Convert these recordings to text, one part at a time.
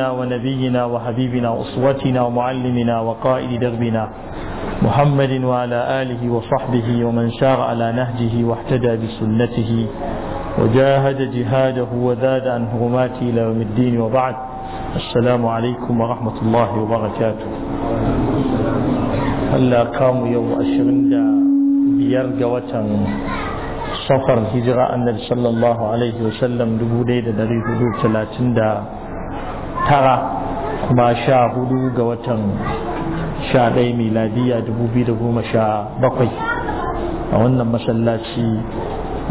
سيدنا ونبينا وحبيبنا أسوتنا ومعلمنا وقائد دربنا محمد وعلى آله وصحبه ومن سار على نهجه واحتدى بسنته وجاهد جهاده وزاد عن هرماته إلى يوم الدين وبعد السلام عليكم ورحمة الله وبركاته هلا قاموا يوم أشرين بيرجى وتن safar hijira annabi sallallahu alaihi wasallam dubu ɗaya da ɗari hudu talatin da tara kuma sha hudu ga watan sha ɗaya miladiya dubu biyu da goma sha bakwai a wannan masallaci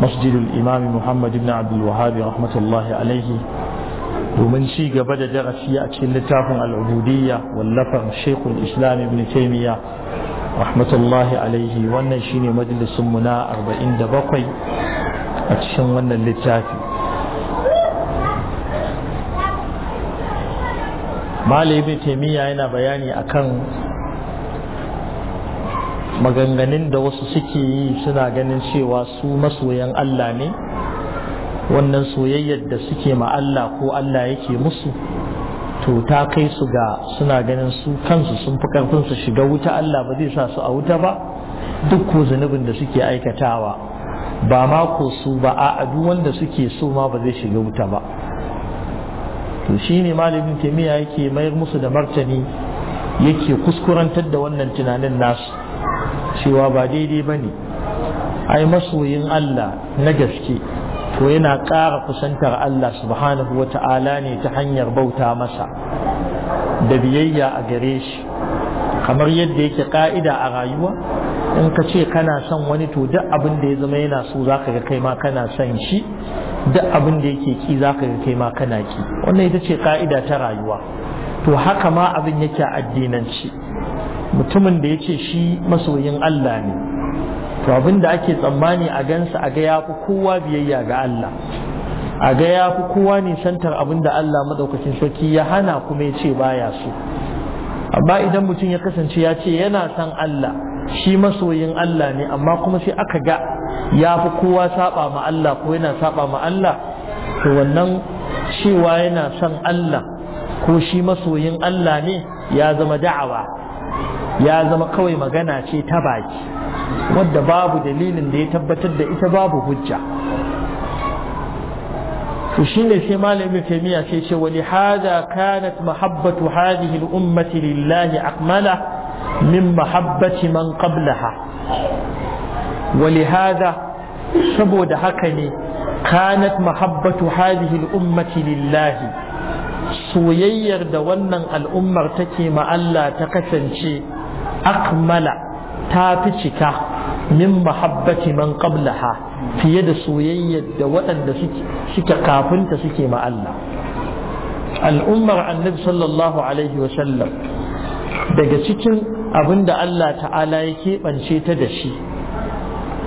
masjidul imami muhammad ibn abdul wahabi rahmatullahi alaihi domin ci gaba da darasi a cikin littafin al'ubudiyya wallafar shekul islam ibn taimiyya rahmatullahi alaihi wannan shine majalisun mu na 47 a cikin wannan littafi malamin taimiyya yana bayani akan maganganun da wasu suke yi suna ganin cewa su masoyan Allah ne wannan soyayyar da suke ma ko Allah yake musu to ta kai su ga suna ganin su kansu sun fi karfin su shiga wuta Allah ba zai sa su a wuta ba duk ko zunubin da suke aikatawa ba ma ko su ba a duk wanda suke so ma ba zai shiga wuta ba to shi ne malamin taimiyya yake mayar musu da martani yake kuskurantar da wannan tunanin nasu cewa ba daidai ba ne ai masoyin Allah na gaske to yana ƙara kusantar Allah subhanahu wa ta'ala ne ta hanyar bauta masa da biyayya a gare shi kamar yadda yake ka'ida a rayuwa in ka ce kana son wani to duk abin da ya zama yana so za ka ga kai ma kana son shi duk abin da yake ki za ka ga kai ma kana ki wannan ita ce ka'ida ta rayuwa to haka ma abin yake a addinanci mutumin da ya ce shi masoyin Allah ne to abin da ake tsammani a gansa a ga ya fi kowa biyayya ga Allah a ga ya fi kowa nisantar abin da Allah maɗaukacin sarki ya hana kuma ya ce baya so amma idan mutum ya kasance ya ce yana san Allah shi masoyin Allah ne amma kuma sai aka ga ya fi kowa saba ma Allah ko yana saba ma Allah to wannan cewa yana san Allah ko shi masoyin Allah ne ya zama da'awa ya zama kawai magana ce ta baki wadda babu dalilin da ya tabbatar da ita babu hujja to shine sai malam ibn taymiya sai ce wali hada kanat mahabbatu hadhihi al ummati lillahi akmala min mahabbati man qablaha wali hada saboda haka ne kanat mahabbatu hadhihi al ummati lillahi soyayyar da wannan al'ummar take ma Allah ta kasance akmala ta fi cika min mahabbati man qablaha fiye da soyayyar da waɗanda suke kafinta suke ma Allah al'ummar annabi sallallahu alaihi wasallam daga cikin abinda Allah ta'ala ya keɓance ta da shi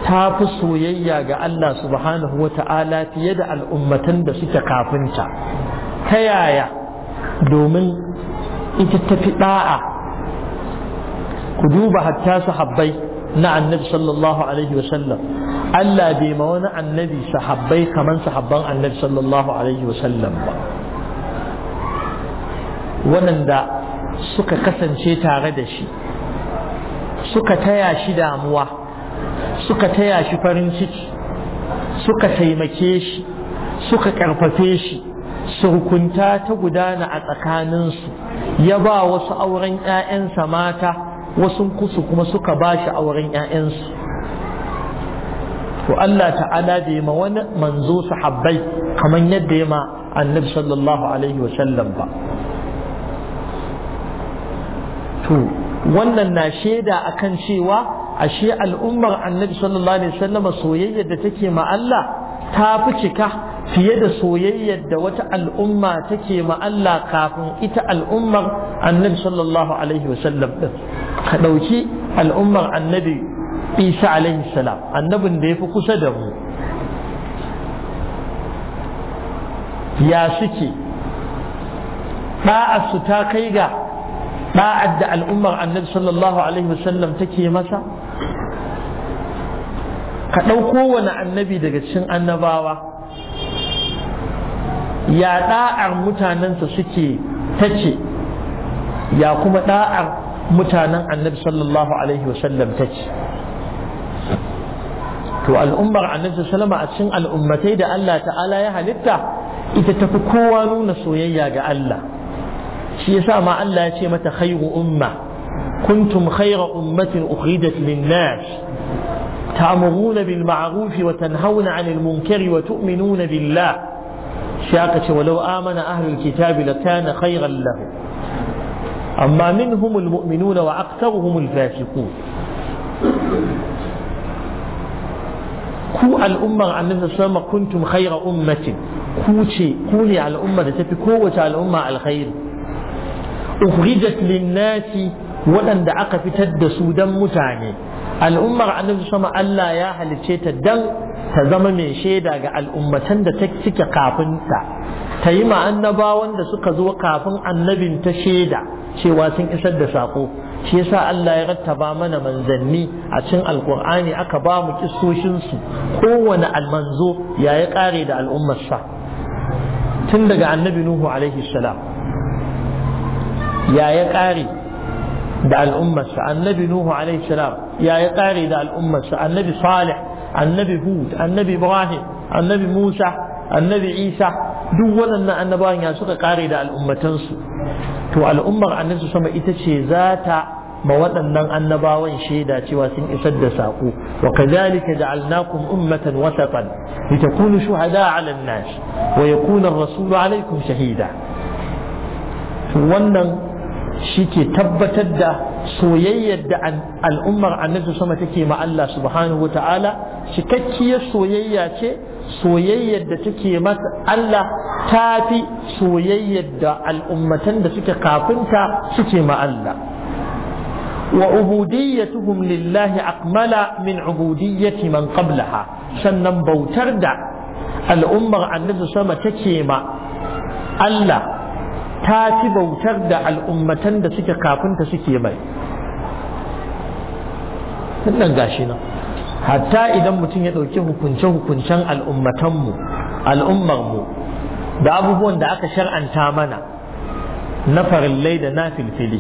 ta fi soyayya ga Allah subhanahu wa ta'ala fiye da al'ummatan da suke kafinta ta yaya domin ita ta fi ɗa'a ku duba hatta sahabbai na annabi sallallahu alaihi wasallam Allah bai ma wani annabi sahabbai kaman sahabban annabi sallallahu alaihi wasallam ba waɗanda suka kasance tare da shi suka taya shi damuwa suka taya shi farin ciki suka taimake shi suka karfafe shi surkunta ta gudana a tsakaninsu ya ba wasu auren 'ya'yansa mata wasu kusu kuma suka ba shi auren 'ya'yansu to Allah ta'ala bai ma wani manzo sahabbai kamar yadda ya ma annabi sallallahu alaihi wa sallam ba to wannan na shaida akan cewa ashe al'ummar annabi sallallahu alaihi wasallama soyayyar da take ma Allah ta fi cika fiye da soyayyar da wata al'umma take ma Allah kafin ita al'ummar annabi sallallahu alaihi wasallam din ka ɗauki al'ummar annabi isa alaihi salam annabin da ya fi kusa da mu ya suke su ta kai ga ɗa'ar da al'ummar annabi sallallahu alaihi wasallam take masa ka ɗauko wani annabi daga cikin annabawa ya ɗa'ar mutanensa suke ta ce ya kuma ɗa'ar mutanen annabi sallallahu alaihi wasallam take to al'ummar annabi sallama a cikin al'ummatai da Allah ta'ala ya halitta ita tafi kowa nuna soyayya ga Allah shi yasa ma Allah ya ce mata khairu umma kuntum khayra ummatin ukhridat lin-nas ta'muruna bil ma'ruf wa tanhauna 'anil munkari wa tu'minuna billah shi aka ce walau amana ahlul kitabi lakana khayran lahum amma minhumul mu'minuna wa aktaruhumul fasiqun ku al'ummar annabi sama kuntum khayra ummatin ku ce ku ne al'ummar da tafi kowace al'umma alkhairi ukhrijat lin waɗanda aka fitar da su dan mutane al'ummar annabi sama Allah ya halice ta dan ta zama mai shaida ga al'ummatan da ta suke kafin ta ta yi ma annabawan da suka zo kafin annabin ta shaida cewa sun isar da saƙo shi yasa Allah ya rattaba mana manzanni a cikin Alƙur'ani aka ba mu kissoshinsu kowane almanzo ya ya kare da al'ummarsa tun daga annabi nuhu alaihi salam ya ya kare da al'ummarsa annabi nuhu alaihi salam ya ya kare da al'ummarsa annabi salih annabi hud annabi ibrahim annabi musa annabi isa duk waɗannan annabawan ya suka kare da al'ummatansu to al'ummar annabi sama ita ce za ta ma waɗannan annabawan shaida cewa sun isar da saƙo wa kadhalika ja'alnakum ummatan wasatan litakunu shuhada 'ala an-nas wa yakuna ar-rasulu 'alaykum shahida to wannan shike tabbatar da soyayyar da al'ummar annabi sama take ma Allah subhanahu wa ta'ala cikakkiyar soyayya ce soyayyar da take masa Allah ta fi soyayyar da al'ummatan da suke kafinta suke ma Allah wa ubudiyyatuhum lillahi akmala min ubudiyyati man qablaha sannan bautar da al'ummar annabi sama take ma Allah ta fi bautar da al'ummatan da suke kafinta suke mai. Nan gashi nan. hatta idan mutum ya ɗauki hukunce-hukuncen al'ummatanmu al'ummarmu da abubuwan da aka shar'anta mana na farillai da na filfili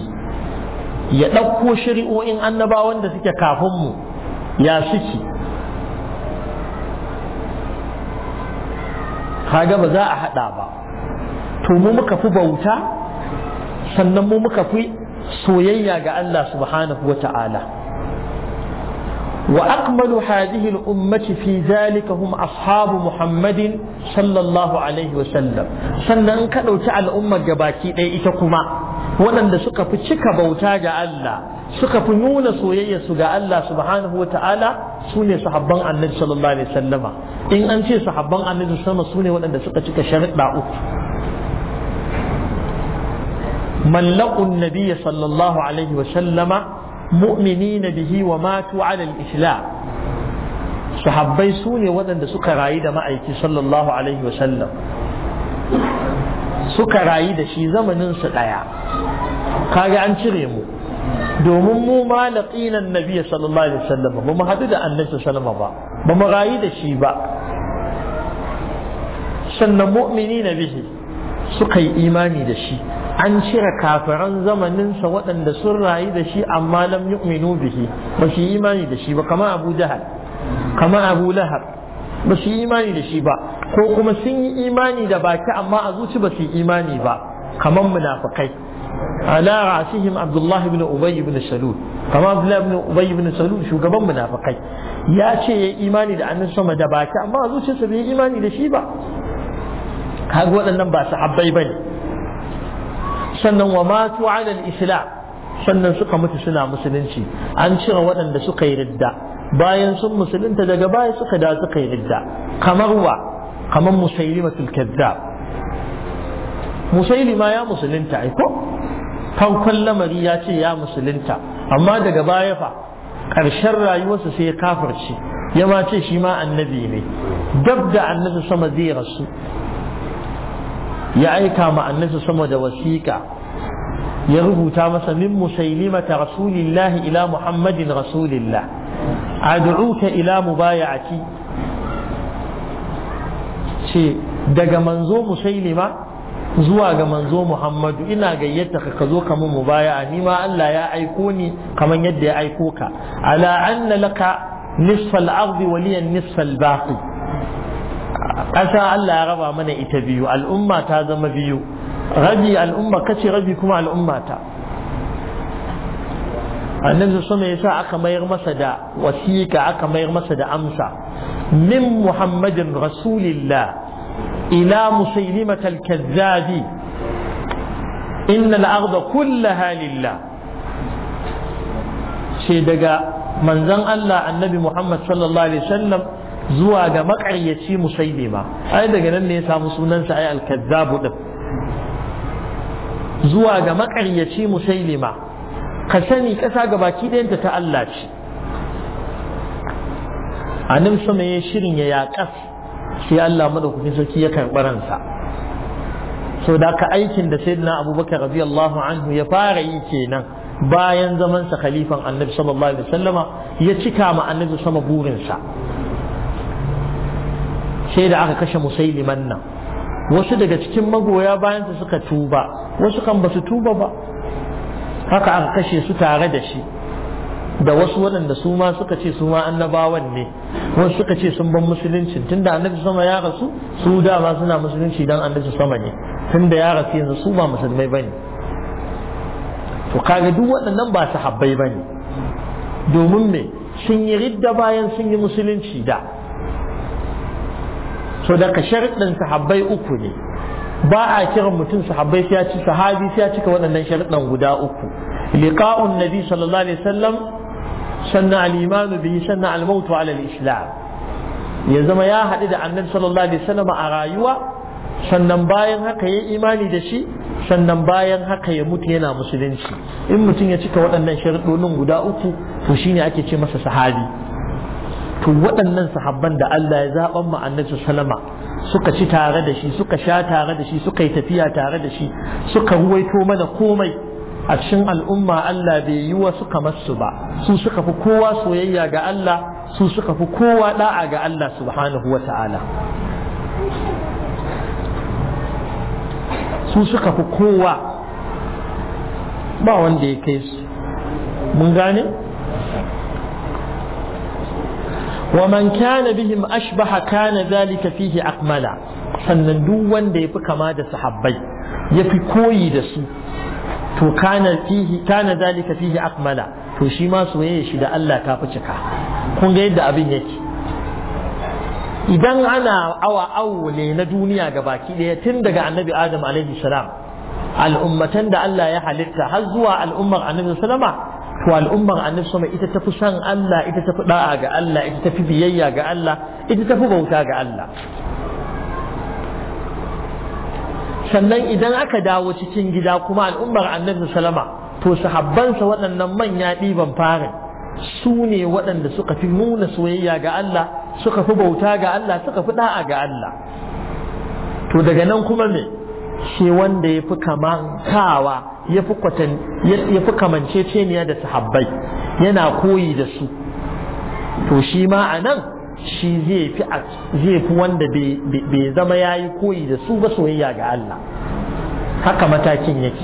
ya ɗauko shari'o'in annabawan da suke kafinmu ya suke kaga ba za a haɗa ba to mu muka fi bauta sannan mu muka fi soyayya ga Allah subhanahu wa ta'ala وأكمل هذه الأمة في ذلك هم أصحاب محمد صلى الله عليه وسلم sannan ka ɗauki al'ummar gabaki ɗaya ita kuma waɗanda suka fi cika bauta ga Allah suka fi nuna soyayya su ga Allah subhanahu wa ta'ala su ne sahabban annabi sallallahu alaihi wasallama in an ce sahabban annabi sama su ne waɗanda suka cika sharuɗa uku man laqun nabiyya sallallahu alaihi wasallama mu'minina bihi wa matu ala al-islam sahabbai su ne waɗanda suka rayu da ma'aiki sallallahu alaihi wa sallam suka rayu da shi zamanin su ɗaya kaga an cire mu domin mu ma laqinan nabiy sallallahu alaihi wasallam ba mu hadu da annabi sallallahu ba ba mu rayu da shi ba sannan mu'minina bihi suka yi imani da shi an cire kafiran zamaninsa waɗanda sun rayu da shi amma lam yu'minu bihi ba su yi imani da shi ba kama abu jahal kama abu lahab ba su yi imani da shi ba ko kuma sun yi imani da baki amma a zuci ba su yi imani ba kaman munafikai ala rasihim abdullahi ibn ubay ibn salul kama abdullahi ibn ubay ibn salul shugaban munafikai ya ce ya imani da annabi sama da baki amma a zuciyarsa bai yi imani da shi ba kaga waɗannan ba su sahabbai bane sannan wa matu alal islam sannan suka mutu suna musulunci an cire waɗanda suka yi ridda bayan sun musulunta daga baya suka da suka yi ridda kamar wa kamar musailimatul kazzab musailima ya musulunta ai ko farkon lamari ya ce ya musulunta amma daga baya fa ƙarshen rayuwarsa sai ya kafirce ya ma ce shi ma annabi ne dab da annabi sama zai rasu ya aika ma annabi sama da wasiƙa ya rubuta masa min ta rasulillahi ila muhammadin rasulillah ad'uka ila mubaya'ati ce daga manzo musailima zuwa ga manzo muhammadu ina gayyata ka ka zo ka mu mubaya'a ni ma Allah ya aiko ni kamar yadda ya aiko ka ala anna laka nisfal ardi waliyan nisfal baqi ƙasa Allah ya raba mana ita biyu al'umma ta zama biyu rabi al'umma kace rabi kuma al'umma ta annabi sama yasa aka mayar masa da wasiƙa aka mayar masa da amsa min muhammadin rasulillah ila musaylimat al-kazzabi inna al-ardha kullaha lillah sai daga manzon Allah annabi Muhammad sallallahu alaihi wasallam zuwa ga makaryaci musailima ai daga nan ne ya samu sunansa ai kazzabu din zuwa ga makaryaci musailima ka sani ƙasa ga baki dayanta ta Allah ce a nan sama ya shirin ya yaƙas sai Allah madaukaki sarki ya karɓi ransa so da ka aikin da sayyidina abubakar radiyallahu anhu ya fara yi kenan bayan zamansa khalifan annabi sallallahu alaihi wasallama ya cika ma annabi sama burinsa sai da aka kashe musailiman nan wasu daga cikin magoya bayan su suka tuba wasu kan basu tuba ba haka aka kashe su tare da shi da wasu waɗanda su ma suka ce su ma annabawan ne wasu suka ce sun ban musulunci tunda annabi sama ya rasu su dama suna musulunci dan annabi sama ne tunda ya rasu yanzu su ba musulmai bane to kaga duk waɗannan ba su habbai bane domin me sun yi ridda bayan sun yi musulunci da so daga sharuɗin sahabbai uku ne ba a kiran mutum sahabbai sai ya ci sahabi sai ya cika waɗannan sharuɗan guda uku liqa'un nabi sallallahu alaihi wasallam sannan al-imanu bihi sannan al-maut ala al-islam ya zama ya haɗu da annabi sallallahu alaihi wasallam a rayuwa sannan bayan haka ya imani da shi sannan bayan haka ya mutu yana musulunci in mutum ya cika waɗannan sharuɗonin guda uku to shine ake ce masa sahabi to waɗannan sahabban da Allah ya zaɓan mu annabi sallama suka ci tare da shi suka sha tare da shi suka yi tafiya tare da shi suka ruwaito mana komai a cikin al'umma Allah bai yi wa suka masu ba su suka fi kowa soyayya ga Allah su suka fi kowa da'a ga Allah subhanahu wa ta'ala su suka fi kowa ba wanda ya kai su mun gane ومن كان بهم أشبه كان ذلك فيه أقملا sannan duk wanda yafi kama da sahabbai ya fi koyi da su to kana fihi kana zalika fihi akmala to shi ma soyayya shi da Allah ta fi cika kun ga yadda abin yake idan ana awa awule na duniya ga baki daya tun daga annabi adam alaihi salam al'ummatan da Allah ya halitta har zuwa al'ummar annabi sallama to al'ummar annabi sama ita tafi san Allah ita tafi da'a ga Allah ita tafi biyayya ga Allah ita tafi bauta ga Allah sannan idan aka dawo cikin gida kuma al'ummar annabi sallama to sahabbansa waɗannan manya ɗiban fara su ne waɗanda suka fi nuna soyayya ga Allah suka fi bauta ga Allah suka fi da'a ga Allah to daga nan kuma me shi wanda ya fi kaman ya fi kamance ya kamanceceniya da sahabbai yana koyi da su to shi ma a shi zai fi wanda bai zama ya yi koyi da su ba soyayya ga Allah haka matakin yake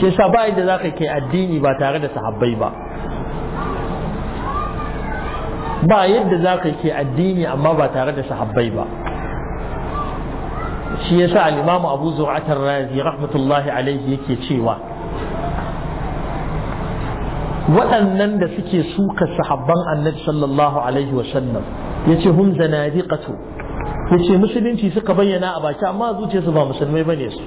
shi yasa ba yadda zaka kai addini ba tare da sahabbai ba ba yadda zaka kai addini amma ba tare da sahabbai ba shi yasa al-imam abu zur'atar razi rahmatullahi alaihi yake cewa waɗannan da suke suka sahabban annabi sallallahu alaihi wa sallam yace hum Ya yace musulunci suka bayyana a baki amma zuciyarsu ba musulmai ne. su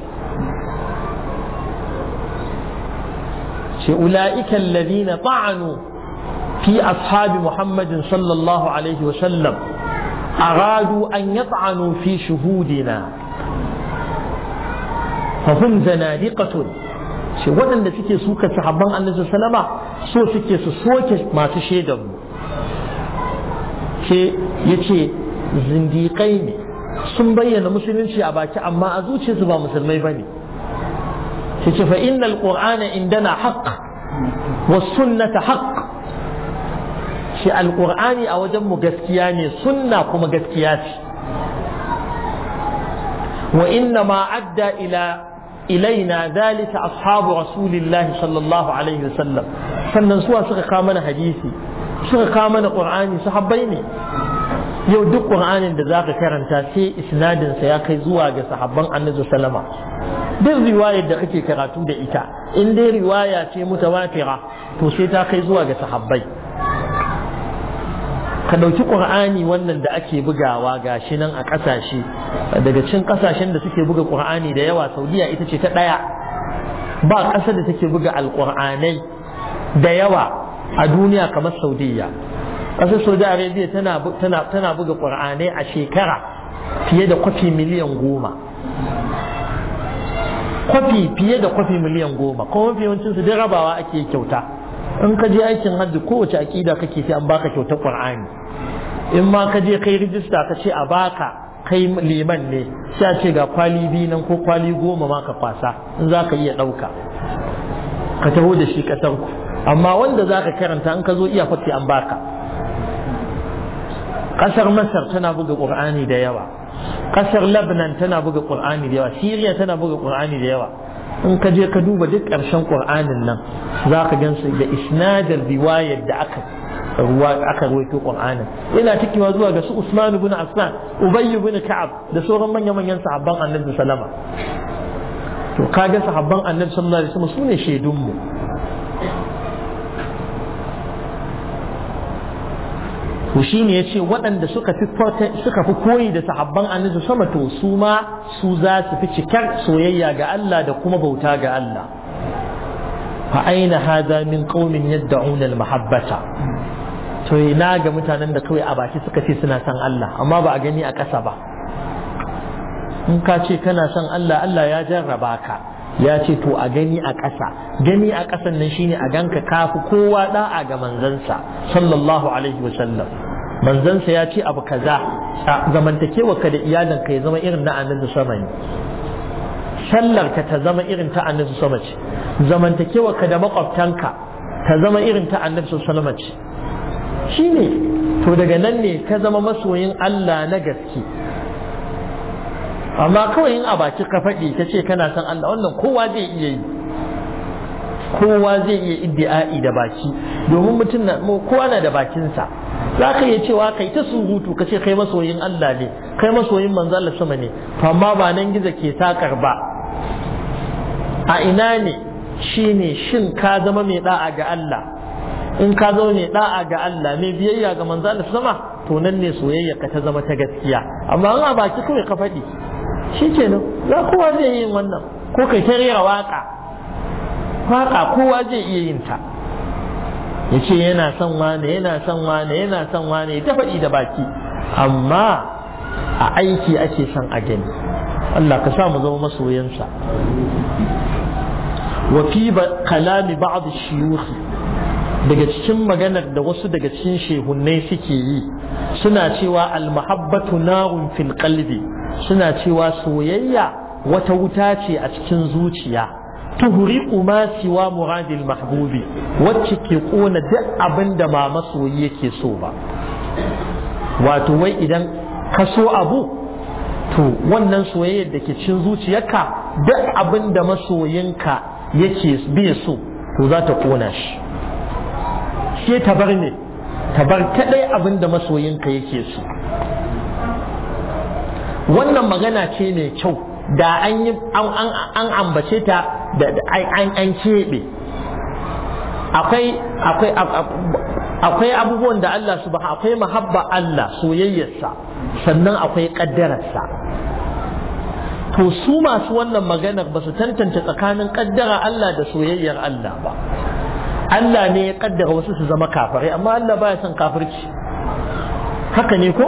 ce ula'ika alladhina ta'anu fi ashabi muhammadin sallallahu alaihi wa sallam aradu an yat'anu fi shuhudina fahim zanadiqatun shi waɗanda suke suka sahabban annabi sallama so suke su soke masu shaidan mu ke yace zindiƙai ne sun bayyana musulunci a baki amma a zuciyarsu ba musulmai bane sai ce fa innal qur'ana indana haqq was sunnata haqq shi alqur'ani a wajen mu gaskiya ne sunna kuma gaskiya ce وإنما أدى إلى إلينا ذلك أصحاب رسول الله صلى الله عليه وسلم sannan suwa suka kawo mana hadisi suka kawo mana qur'ani sahabbai ne yau duk qur'anin da za ka karanta sai isnadinsa ya kai zuwa ga sahabban annabi sallama duk riwayar da kake karatu da ita in dai riwaya ce mutawatira to sai ta kai zuwa ga sahabbai ka ɗauki ƙur'ani wannan da ake bugawa ga shi nan a ƙasashe daga cikin ƙasashen da suke buga ƙur'ani da yawa saudiya ita ce ta ɗaya ba ƙasar da take buga alƙur'anai da yawa a duniya kamar saudiya ƙasar saudi arabia tana buga ƙur'anai a shekara fiye da kwafi miliyan goma kwafi fiye da kwafi miliyan goma kuma mafi yawancinsu dai rabawa ake kyauta in ka je aikin hajji kowace aƙida kake sai an baka kyautar qur'ani in ma ka je kai rijista ka ce a baka kai liman ne sai a ce ga kwali biyu nan ko kwali goma ma ka kwasa in za ka iya ɗauka ka taho da shi ƙasar ku amma wanda za ka karanta in ka zo iya fatti an baka ƙasar masar tana buga qur'ani da yawa ƙasar Labnan tana buga ƙur'ani da yawa syria tana buga ƙur'ani da yawa in ka je ka duba duk ƙarshen ƙur'anin nan za ka gan da isnadar riwayar da aka aka rawaito ƙur'anin yana cikewa zuwa ga su Usman ibn Affan Ubay ibn Ka'ab da sauran manyan manyan sahabban Annabi sallama to kaga sahabban Annabi sallallahu alaihi wasallam sune shaidun mu to shine yace waɗanda suka fi suka fi koyi da sahabban annabi sama to su ma su za su fi cikar soyayya ga Allah da kuma bauta ga Allah fa aina hadha min qaumin yad'una al-mahabbata to ina ga mutanen da kawai a baki suka ce suna son Allah amma ba a gani a ƙasa ba in ka ce kana son Allah Allah ya jarraba ka ya ce to a gani a ƙasa gani a ƙasan nan shine a ganka kafi kowa da'a ga manzansa sallallahu alaihi wasallam manzansa ya ce abu kaza zamantakewa ka da iyalinka ya zama irin na annabi sama ne sallar ka ta zama irin ta annabi sama ce zamantakewa ka da makwabtanka ta zama irin ta annabi sallama ce shine to daga nan ne ka zama masoyin Allah na gaske amma kawai in a ka faɗi ka ce kana san Allah wannan kowa zai iya yi kowa zai iya iddi'a'i da baki domin mutum na kowa na da bakinsa za ka iya cewa kai ta surutu ka ce kai masoyin Allah ne kai masoyin manzo Allah sama ne amma ba nan gizo ke sakar ba a ina ne shine shin ka zama mai da'a ga Allah in ka zama mai da'a ga Allah mai biyayya ga manzo Allah sama to nan ne soyayya ka ta zama ta gaskiya amma in a baki kawai ka faɗi shi kenan za kowa zai yi wannan ko kai ta rera waka waka kowa zai iya yin ta ya ce yana son wane yana son wane yana son wane ya tafaɗi da baki amma a aiki ake son a gani Allah ka sa mu zama masoyansa wa fi kalami ba'd shiyukhi daga cikin maganar da wasu daga cikin shehunnai suke yi suna cewa almahabbatu na'un fil qalbi suna cewa soyayya wata wuta ce a cikin zuciya Tuhuri, ma siwa muradil mahbubi wacce ke kona duk abin da ba masoyi yake so ba wato wai idan ka so abu to wannan soyayya da ke cikin zuciyarka duk abin da masoyinka yake bai so to za ta kona shi ke ta bar ne ta bar kaɗai abin da masoyinka yake so wannan magana ce mai kyau da an yi an ambace ta da an keɓe akwai akwai akwai abubuwan da Allah subhanahu akwai mahabba Allah soyayyarsa sannan akwai ƙaddararsa to su masu wannan maganar ba su tantance tsakanin ƙaddara Allah da soyayyar Allah ba Allah ne ya kaddara wasu su zama kafirai amma Allah baya son kafirci haka ne ko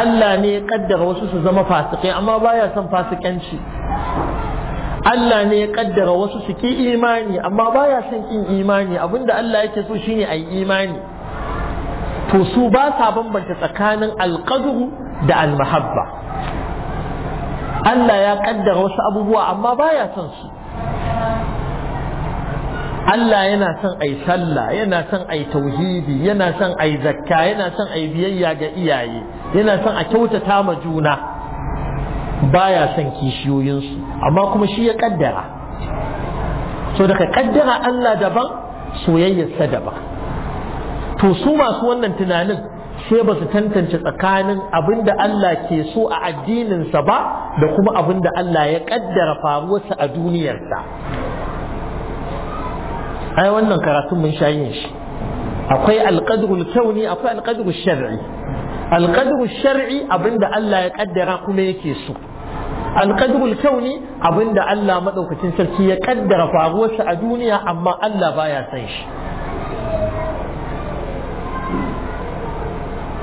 Allah ne ya kaddara wasu su zama fasikai amma baya son fasikanci Allah ne ya kaddara wasu su ki imani amma baya son kin imani abinda Allah yake so shine ayi imani to su ba sa bambanta tsakanin alqadru da almahabba Allah ya kaddara wasu abubuwa amma baya son su Allah yana son ai sallah yana son ai tauhidi yana son ai zakka yana son ai biyayya ga iyaye yana son a kyautata ma juna baya son kishiyoyinsu amma kuma shi ya kaddara so daga kaddara Allah daban soyayyarsa daban to su masu wannan tunanin sai ba su tantance tsakanin abinda Allah ke so a addininsa ba da kuma abin da Allah ya kaddara faruwarsa a duniyarsa ai wannan karatun mun sha yin shi akwai alqadrul kauni akwai alqadrul shar'i alqadrul shar'i abinda Allah ya kaddara kuma yake so alqadrul kauni abinda Allah madaukakin sarki ya kaddara faruwarsa a duniya amma Allah baya san shi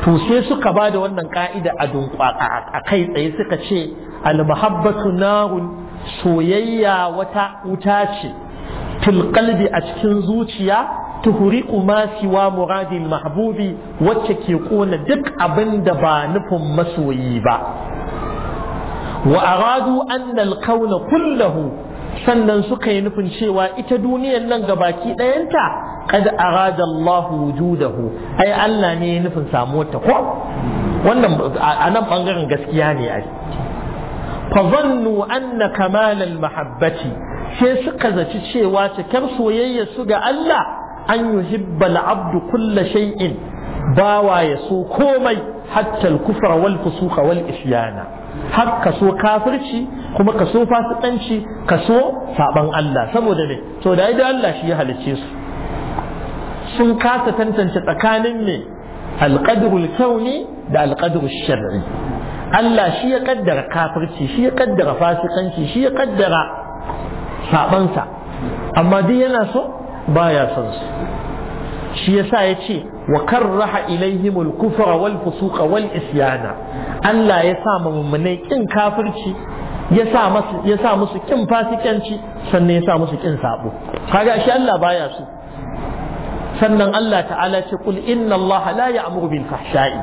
to sai suka ba da wannan ka'ida a dunkwaka a kai tsaye suka ce almahabbatu narun soyayya wata wuta ce fil a cikin zuciya tuhriqu ma siwa muradil mahbubi wacce ke kona duk abin da ba nufin masoyi ba wa aradu annal kauna kullahu sannan suka yi nufin cewa ita duniyar nan gabaki ɗayanta kad arada Allah wujudahu ai Allah ne ya nufin samuwar ta ko wannan a nan bangaren gaskiya ne ai fa anna kamal al mahabbati sai suka zaci cewa cikar soyayya su ga Allah an yi al'abdu kulla shay'in bawa ya so komai hatta al-kufra wal fusuqa wal isyana har ka so kafirci kuma ka so fasikanci ka so saban Allah saboda me to da idan Allah shi ya halice su sun kasa tantance tsakanin me alqadrul kauni da alqadrul shar'i Allah shi ya kaddara kafirci shi ya kaddara fasikanci shi ya kaddara sabansa amma duk yana so baya son su shi yasa ya ce wa karraha ilaihimul kufra wal fusuqa wal isyana Allah ya sa mummunai kin kafirci ya sa musu ya sa musu kin fasikanci sannan ya sa musu kin sabo kaga shi Allah baya so sannan Allah ta'ala ce kul inna Allah la ya'muru bil fahsha'i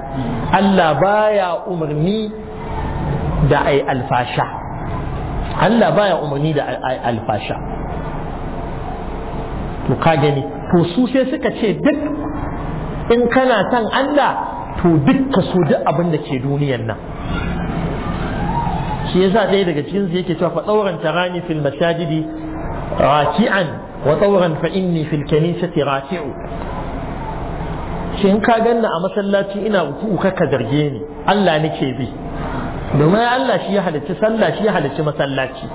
Allah baya umarni da ai alfasha Allah baya umarni da alfasha to ka gani to su sai suka ce duk in kana son Allah to duk ka so duk abin da ke duniyar nan shi yasa ɗaya daga cikin su yake cewa fa tsauran tarani fil masajidi raki'an wa tsauran fa inni fil kanisati raki'u shi in ka ganna a masallaci ina uku ka zarge ni Allah nake bi domin Allah shi ya halicci sallah shi ya halicci masallaci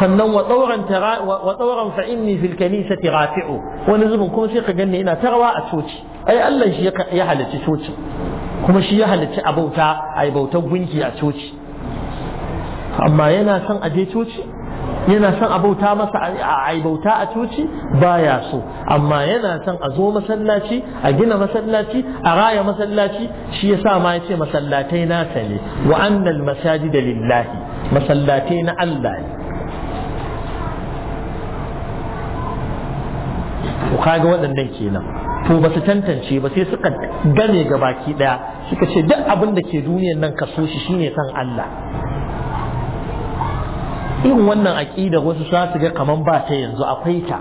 sannan wa tsauran wa tsauran fa inni fil kanisati rafi'u wani zubin kuma sai ka ganni ina tarwa a coci ai Allah shi ya halicci coci kuma shi ya halicci abauta ai bautar gunki a coci amma yana son aje coci yana son a bauta masa a bauta a coci baya so amma yana son a zo masallaci a gina masallaci a raya masallaci shi ya sa ma ce masallatai na sale wa annal masajida lillahi masallatai na Allah ne kaga waɗannan kenan to ba su tantance ba sai suka game gabaki ɗaya, suka ce duk abin da ke duniyar nan kaso shi shine san Allah irin wannan aƙida wasu za su ga kaman ba ta yanzu akwai ta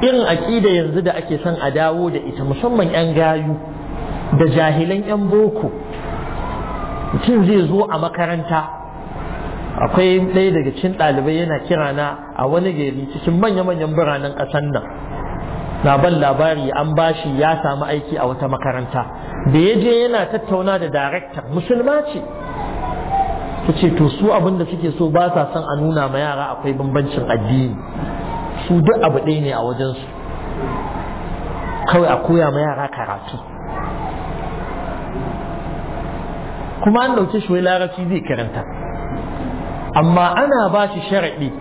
irin aƙida yanzu da ake son a dawo da ita musamman 'yan gayu da jahilan 'yan boko mutum zai zo a makaranta akwai ɗaya daga cikin ɗalibai yana kira na a wani gari cikin manya-manyan biranen ƙasar nan na ban labari an bashi ya samu aiki a wata makaranta da ya je yana tattauna da director musulma ce ta ce to su abin da suke so ba sa son a nuna ma yara akwai bambancin addini su duk abu ɗaya ne a wajensu kawai a koya ma yara karatu kuma an ɗauki shi wai larabci zai karanta amma ana ba shi sharaɗi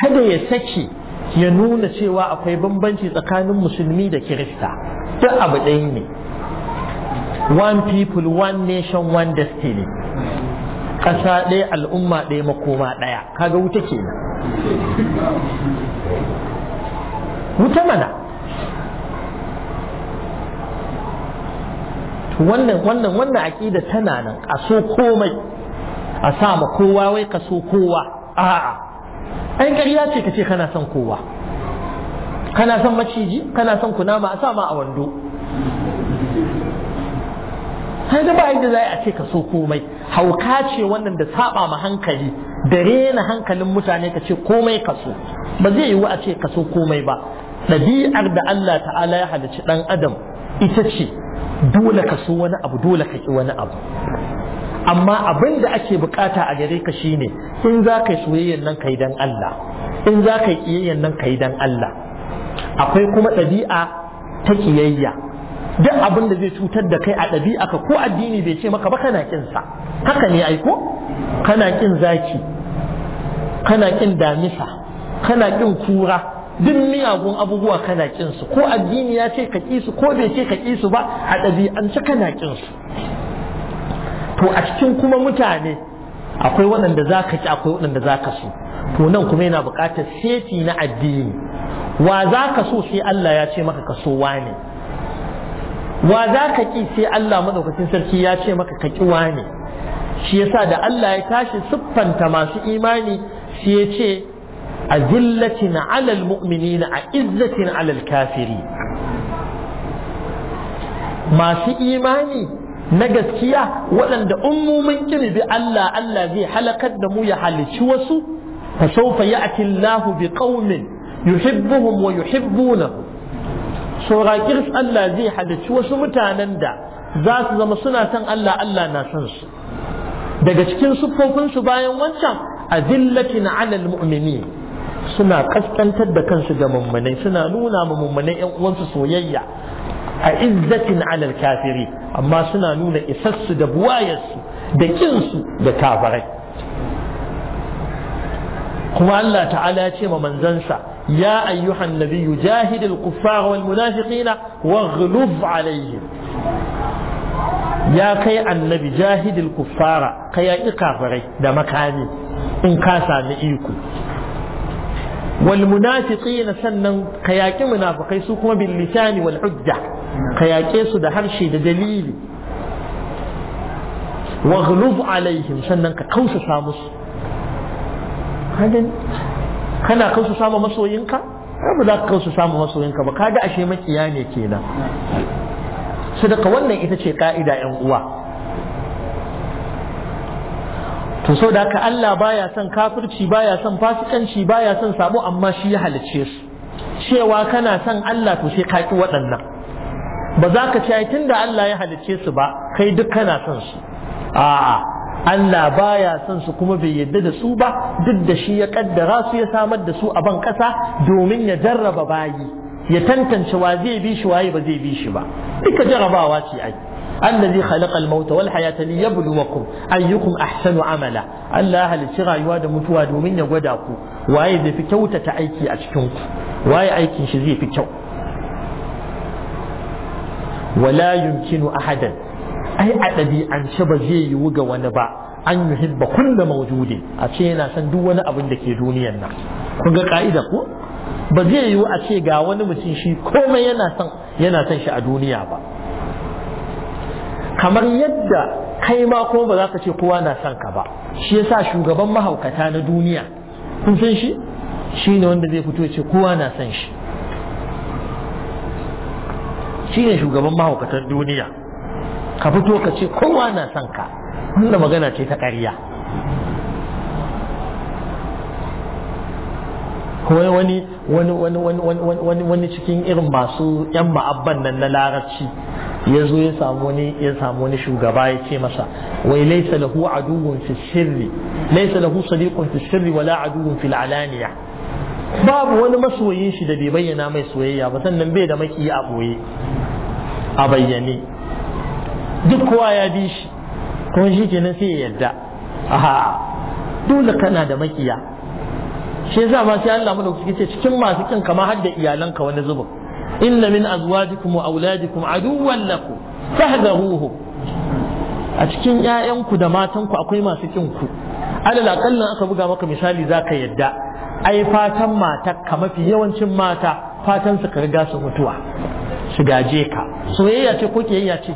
kada ya sake ya nuna cewa akwai bambanci tsakanin musulmi da kirista duk abu ɗaya ne one people one nation one destiny ƙasa ɗaya al'umma ɗaya makoma ɗaya kaga wuta kenan wuta mana wannan wannan wannan aƙida tana nan a so komai a sa ma kowa wai ka so kowa a'a ai ƙarya ce ka ce kana son kowa kana son maciji kana son kunama a sa ma a wando sai da ba yadda za a ce ka so komai hauka ce wannan da saba ma hankali da rena hankalin mutane ka ce komai ka so ba zai yiwu a ce ka so komai ba ɗabi'ar da Allah ta'ala ya halicci ɗan adam ita ce dole ka so wani abu dole ka ki wani abu amma abin da ake bukata a gare ka shine in za ka yi soyayyan nan ka yi dan Allah in za ka yi kiyayyan nan ka yi dan Allah akwai kuma ɗabi'a ta kiyayya duk abin da zai cutar da kai a ɗabi'a ka ko addini bai ce maka ba kana kin sa haka ne ai ko kana kin zaki kana kin damisa kana kin kura duk miyagun abubuwa kana kin su ko addini ya ce ka ki ko bai ce ka ki ba a ɗabi'ance kana kin su to a cikin kuma mutane akwai waɗanda za ka ki akwai waɗanda za ka so to nan kuma yana buƙatar seti na addini wa za ka so sai Allah ya ce maka ka so wa za ka ƙi sai Allah madaukakin sarki ya ce maka ka ƙi wane shi yasa da Allah ya tashi siffanta masu imani sai ya ce azillatin alal mu'minina a izzatin alal kafiri masu imani na gaskiya waɗanda ummumin kiri bi Allah Allah zai halakar da mu ya halici wasu fa sawfa ya'ti Allahu bi qaumin yuhibbuhum wa yuhibbunahu saura kirs Allah zai halicci wasu mutanen da za su zama suna son Allah Allah na son su daga cikin siffofinsu bayan wancan azillatin alal mu'mini suna kaskantar da kansu ga mummunai suna nuna ma mummunai yan uwansu soyayya a izzatin alal kafiri amma suna nuna isassu da buwayarsu da kinsu da kafarai kuma Allah ta'ala ya ce ma manzansa يا أيها النبي جاهد الكفار والمنافقين واغلظ عليهم يا كي النبي جاهد الكفار كي إكافري دا مكاني إن كاسا نئيكو والمنافقين سنن كياكي منافقي سوكما باللسان والحجة كياكي سودا هرشي دا دليلي واغلظ عليهم سنن كقوس سامس هذا kana kan su samu masoyinka ba za ka kan su samu masoyinka ba kaga ashe makiya ne kenan sadaka wannan ita ce ka'ida yan uwa to sau da Allah baya son kafirci baya son fasikanci baya son sabo amma shi ya halicce su cewa kana son Allah to sai ka ki waɗannan ba za ka ci tun da Allah ya halicce su ba kai duk kana son su a'a Allah baya son su kuma bai yadda da su ba duk da shi ya kaddara su ya samar da su a ban kasa domin ya jarraba bayi ya tantance wa zai bi shi waye ba zai bi shi ba duka jarrabawa ce ai الذي خلق الموت والحياة ليبلوكم أيكم أحسن Allah ya halicci rayuwa da mutuwa domin ya gwada ku waye zai fi ta aiki a cikin ku waye aikin shi zai fi kyau wala yumkinu ahadan ai a ɗabi'ance ba zai yiwu ga wani ba an hibba kulla mawjudi a ce yana son duk wani abin da ke duniyar nan kun ga ka'ida ko ba zai yiwu a ce ga wani mutum shi komai yana son yana san shi a duniya ba kamar yadda kai ma ko ba za ka ce kowa na son ka ba shi yasa shugaban mahaukata na duniya kun san shi shi ne wanda zai fito ya ce kowa na son shi shi ne shugaban mahaukatan duniya ka fito ka ce kowa na son ka wannan magana ce ta ƙarya wani wani wani wani wani wani cikin irin masu yan ma'abban nan na larabci ya zo ya samu wani ya samu wani shugaba ya ce masa wai laisa lahu aduwwun fi sirri laisa lahu sadiqun fi sirri wala aduwwun fil alaniya babu wani masoyin shi da bai bayyana mai soyayya ba sannan bai da maki a boye a bayyane duk kowa ya bi shi kuma shi kenan sai ya yadda aha dole kana da makiya shi yasa ma sai Allah madaukaki ce cikin masu kin kama har da iyalanka wani zubin inna min azwajikum wa auladikum aduwwan lakum fahdahuhu a cikin 'ya'yanku da matanku akwai masu kin ku alal aqalla aka buga maka misali zaka yadda ai fatan mata ka mafi yawancin mata fatan su ka riga su mutuwa su gaje ka soyayya ce ko kiyayya ce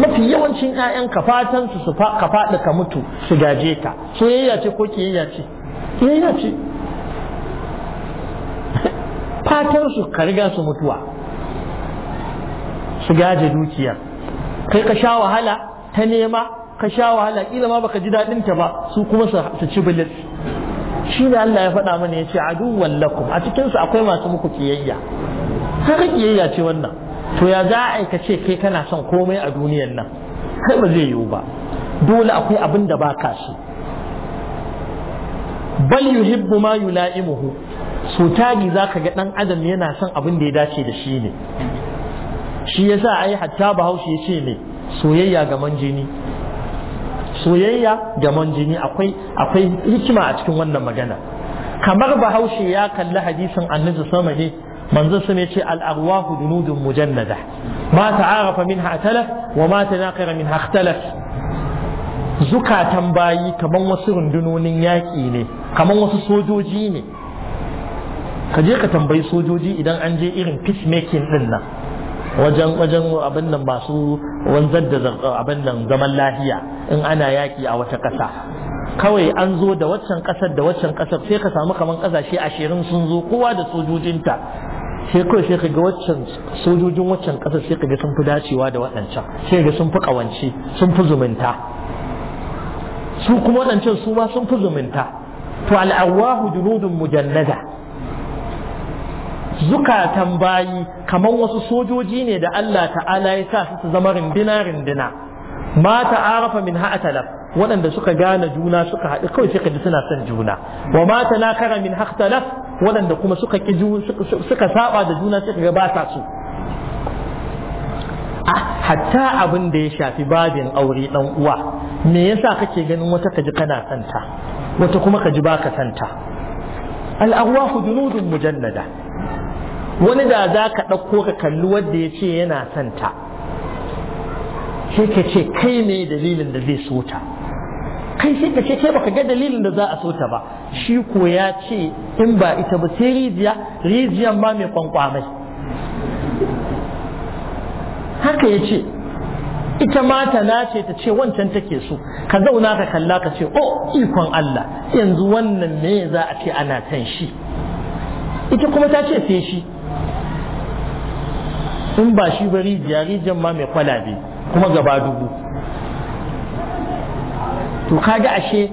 mafi yawancin 'ya'yanka fatan su ka faɗi ka mutu su gaje ka soyayya ce ko kiyayya ce kiyayya ce fatan su ka riga su mutuwa su gaje dukiya kai ka sha wahala ta nema ka sha wahala kila ma baka ji daɗin ta ba su kuma su ci bilis shi ne Allah ya faɗa mana ya ce aduwwan lakum a cikinsu akwai masu muku kiyayya kiyayya ce wannan to ya za a ka ce kai kana son komai a duniyar nan kai ba zai yiwu ba dole akwai abin da ba ka shi bal yuhibbu ma yula'imuhu so tagi zaka ga dan adam yana son abin da ya dace da shi ne shi yasa ai hatta bahaushe ya ce ne soyayya ga manjini soyayya ga manjini akwai akwai hikima a cikin wannan magana kamar bahaushe ya kalli hadisin annabi sama ne manzon sun yace al arwahu junudun mujannada ma ta'arafa minha talaf wa ma tanaqara minha ikhtalaf zukatan bayi kaman wasu rundunonin yaƙi ne kaman wasu sojoji ne ka je ka tambayi sojoji idan an je irin peacemaking din nan wajen wajen abin nan masu wanzar da abin nan zaman lafiya in ana yaƙi a wata ƙasa kawai an zo da waccan ƙasar da waccan ƙasar sai ka samu kaman ƙasashe ashirin sun zo kowa da sojojinta sai kawai sai ga waccan sojojin waccan kasar sai ga sun fi dacewa da waɗancan sai ga sun fi ƙawance sun fi zumunta su kuma waɗancan su ma sun fi zumunta to al'awahu junudun mujannada zukatan bayi kamar wasu sojoji ne da Allah ta'ala ya sa su zama rindina rindina ma ta'arafa min ha'atalaf waɗanda suka gane juna suka haɗu kawai sai ji suna son juna wa ma nakara min ha'atalaf waɗanda kuma suka ki suka saba da juna suka ga ba ta su hatta abin da ya shafi babin aure dan uwa me yasa kake ganin wata kaji kana santa wata kuma kaji baka santa al-arwahu mujannada wani da za ka ɗauko ka kalli wanda ya ce yana santa sai ka ce kai ne dalilin da zai so ta kai sai ka ce kai baka ga dalilin da za a so ta ba shi ko ya ce in ba ita ba sai rijiya rijiyan ma mai kwankwamai haka ya ce ita mata na ce ta ce wancan take so ka zauna ka kalla ka ce oh ikon Allah yanzu wannan me za a ce ana san shi ita kuma ta ce sai shi in ba shi ba rijiya rijiyan ma mai kwalabe kuma gaba dubu to kaga ashe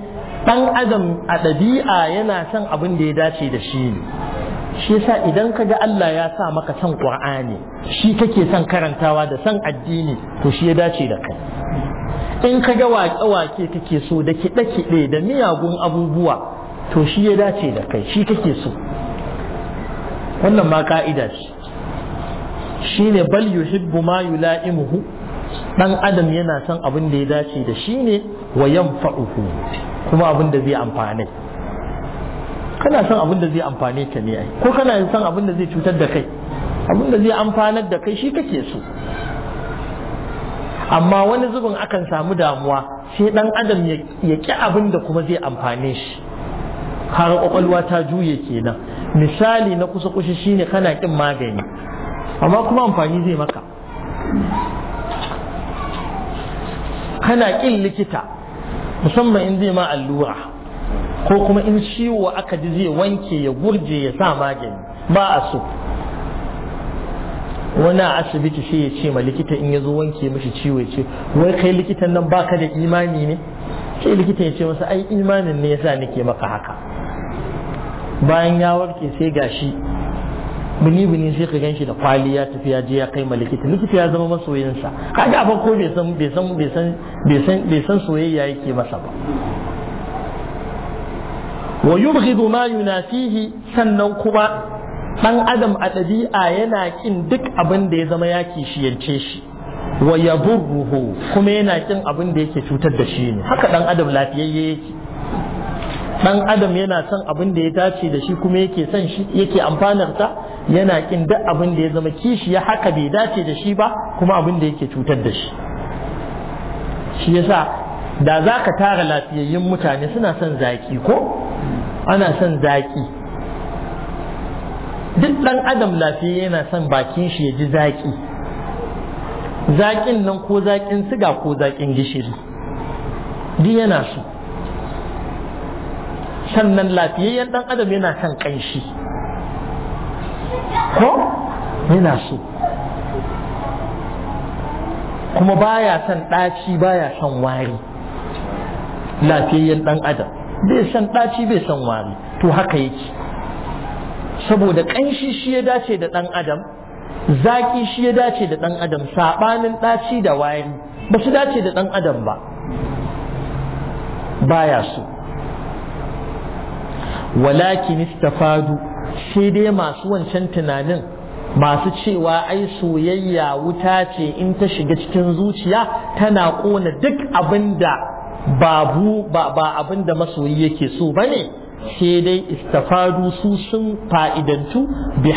dan adam a ɗabi'a yana son abin da ya dace da shi ne shi yasa idan kaga Allah ya sa maka son Qur'ani shi kake son karantawa da son addini to shi ya dace da kai in kaga waƙe wake kake so da kiɗe-kiɗe da miyagun abubuwa to shi ya dace da kai shi kake so wannan ma ka'ida ce shine bal yuhibbu ma yula'imuhu dan adam yana son abin da ya dace da shi ne wa yanfa'uhu kuma abin da zai amfane kana son abin da zai amfane ka ne ai ko kana son abin da zai cutar da kai abin da zai amfanar da kai shi kake so amma wani zubin akan samu damuwa sai dan adam ya ki abin da kuma zai amfane shi har kwakwalwa ta juye kenan misali na kusa kushi shine kana kin magani amma kuma amfani zai maka kana ƙin likita musamman in zai ma allura ko kuma in ciwo aka ji zai wanke ya gurje ya sa magani ba a so wani asibiti sai ya ce ma likita in ya zo wanke mishi ciwo ya ce wai kai likitan nan baka da imani ne sai likita ya ce masa ai imanin ne yasa nake maka haka bayan ya warke sai gashi bini bini sai ka ganshi da kwali ya tafi ya je ya kai ma likita likita ya zama masoyinsa kaga a farko bai san bai san bai san bai san bai san soyayya yake masa ba wa yubghidu ma yunafihi sannan kuma dan adam a ɗabi'a yana kin duk abin da ya zama ya kishiyance shi wa yadurruhu kuma yana kin abin da yake cutar da shi ne haka dan adam lafiyayye yake dan adam yana son abin da ya dace da shi kuma yake son shi yake amfanar ta yana kin duk abin da ya zama kishi ya haka bai dace da shi ba kuma abin da yake cutar da shi shi yasa da za ka tara lafiyayyun mutane suna son zaki ko ana son zaki duk dan adam lafiya yana son bakin shi ya ji zaki zaƙin nan ko zaƙin siga ko zaƙin gishiri duk yana so sannan lafiyayyen dan adam yana son kanshi. ko yana so kuma baya son ɗaci baya son wari lafiyayyen ɗan adam bai san ɗaci bai san wari to haka yake saboda ƙanshi shi ya dace da ɗan adam zaƙi shi ya dace da ɗan adam saɓanin ɗaci da wari ba su dace da ɗan adam ba baya so walakin istafadu sai dai masu wancan tunanin masu cewa ai soyayya wuta ce in ta shiga cikin zuciya tana kona duk abin da babu ba abin da masoyi yake so ba ne. sai dai istafadu su sun fa'idantu bi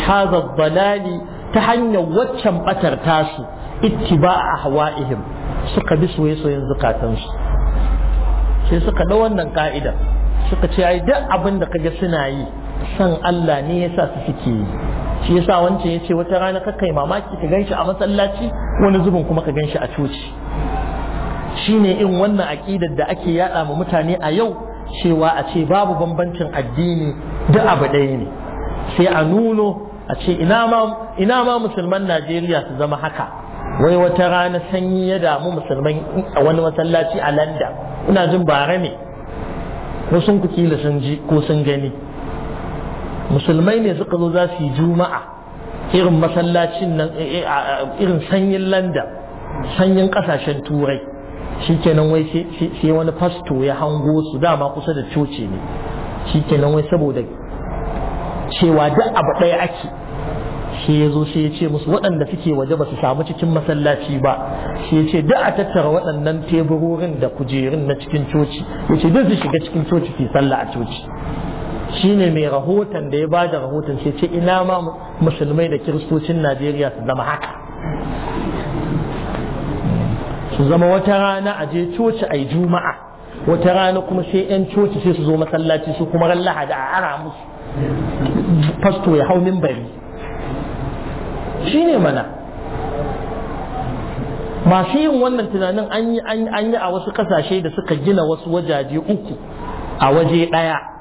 balali ta hanyar waccan batar tasu ittiba'a ahwa'ihim suka bi soye-soyen zukatansu sai suka da wannan ka'ida suka ce ai duk abin da kaga suna yi san Allah ne yasa su suke yi shi yasa wancan yace wata rana ka kai mamaki ka ganshi a masallaci wani zubin kuma ka ganshi a coci shine in wannan aqidar da ake yada ma mutane a yau cewa a ce babu bambancin addini da abu ɗaya ne sai a nuno a ce ina ma musulman Najeriya su zama haka wai wata rana sanyi ya damu musulman a wani masallaci a landa? ina jin bare ne Ko sun kila sun ji ko sun gani musulmai ne suka zo za su yi juma'a irin masallacin nan eh, eh, irin sanyin landa sanyin kasashen turai shikenan wai sai wani fasto ya hango su dama kusa da coci ne shikenan wai saboda cewa duk abu ɗaya ake shi ya zo shi ya ce musu waɗanda suke waje ba su samu cikin masallaci ba shi ya ce duk a tattara waɗannan teburorin da kujerun na cikin coci ya ce duk su shiga cikin coci su sallah a coci shine mai rahoton da ya ba da rahoton sai ce ina ma musulmai da kiristocin Najeriya su zama haka su zama wata rana a je coci a juma'a wata rana kuma sai 'yan coci sai su zo masallaci su kuma ran lahadi a ara musu fasto ya hau mimbari shine mana masu yin wannan tunanin an yi a wasu kasashe da suka gina wasu wajaje uku a waje ɗaya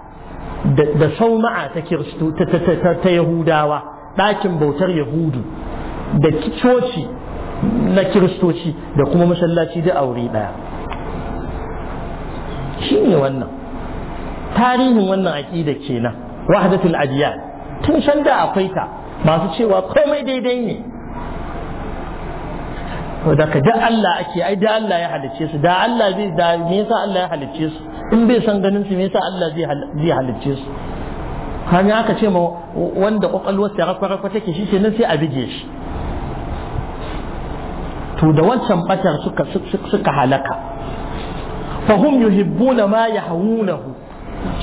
da sauma'a ta ta yahudawa ɗakin bautar yahudu da coci na kiristoci da kuma masallaci da aure ɗaya shi ne wannan tarihin wannan aƙida kenan wahdatul adiyan tun can da akwai ta masu cewa komai daidai ne daga da Allah ake ai da Allah ya halicce su da Allah zai da me yasa Allah ya halicce su in bai san ganin su me yasa Allah zai halicce su kan aka ce ma wanda kwakwalwar kwakwalwarsa rafa rafa take shi kenan sai a bige shi to da wancan batar suka suka halaka fahum yuhibbuna ma yahawunahu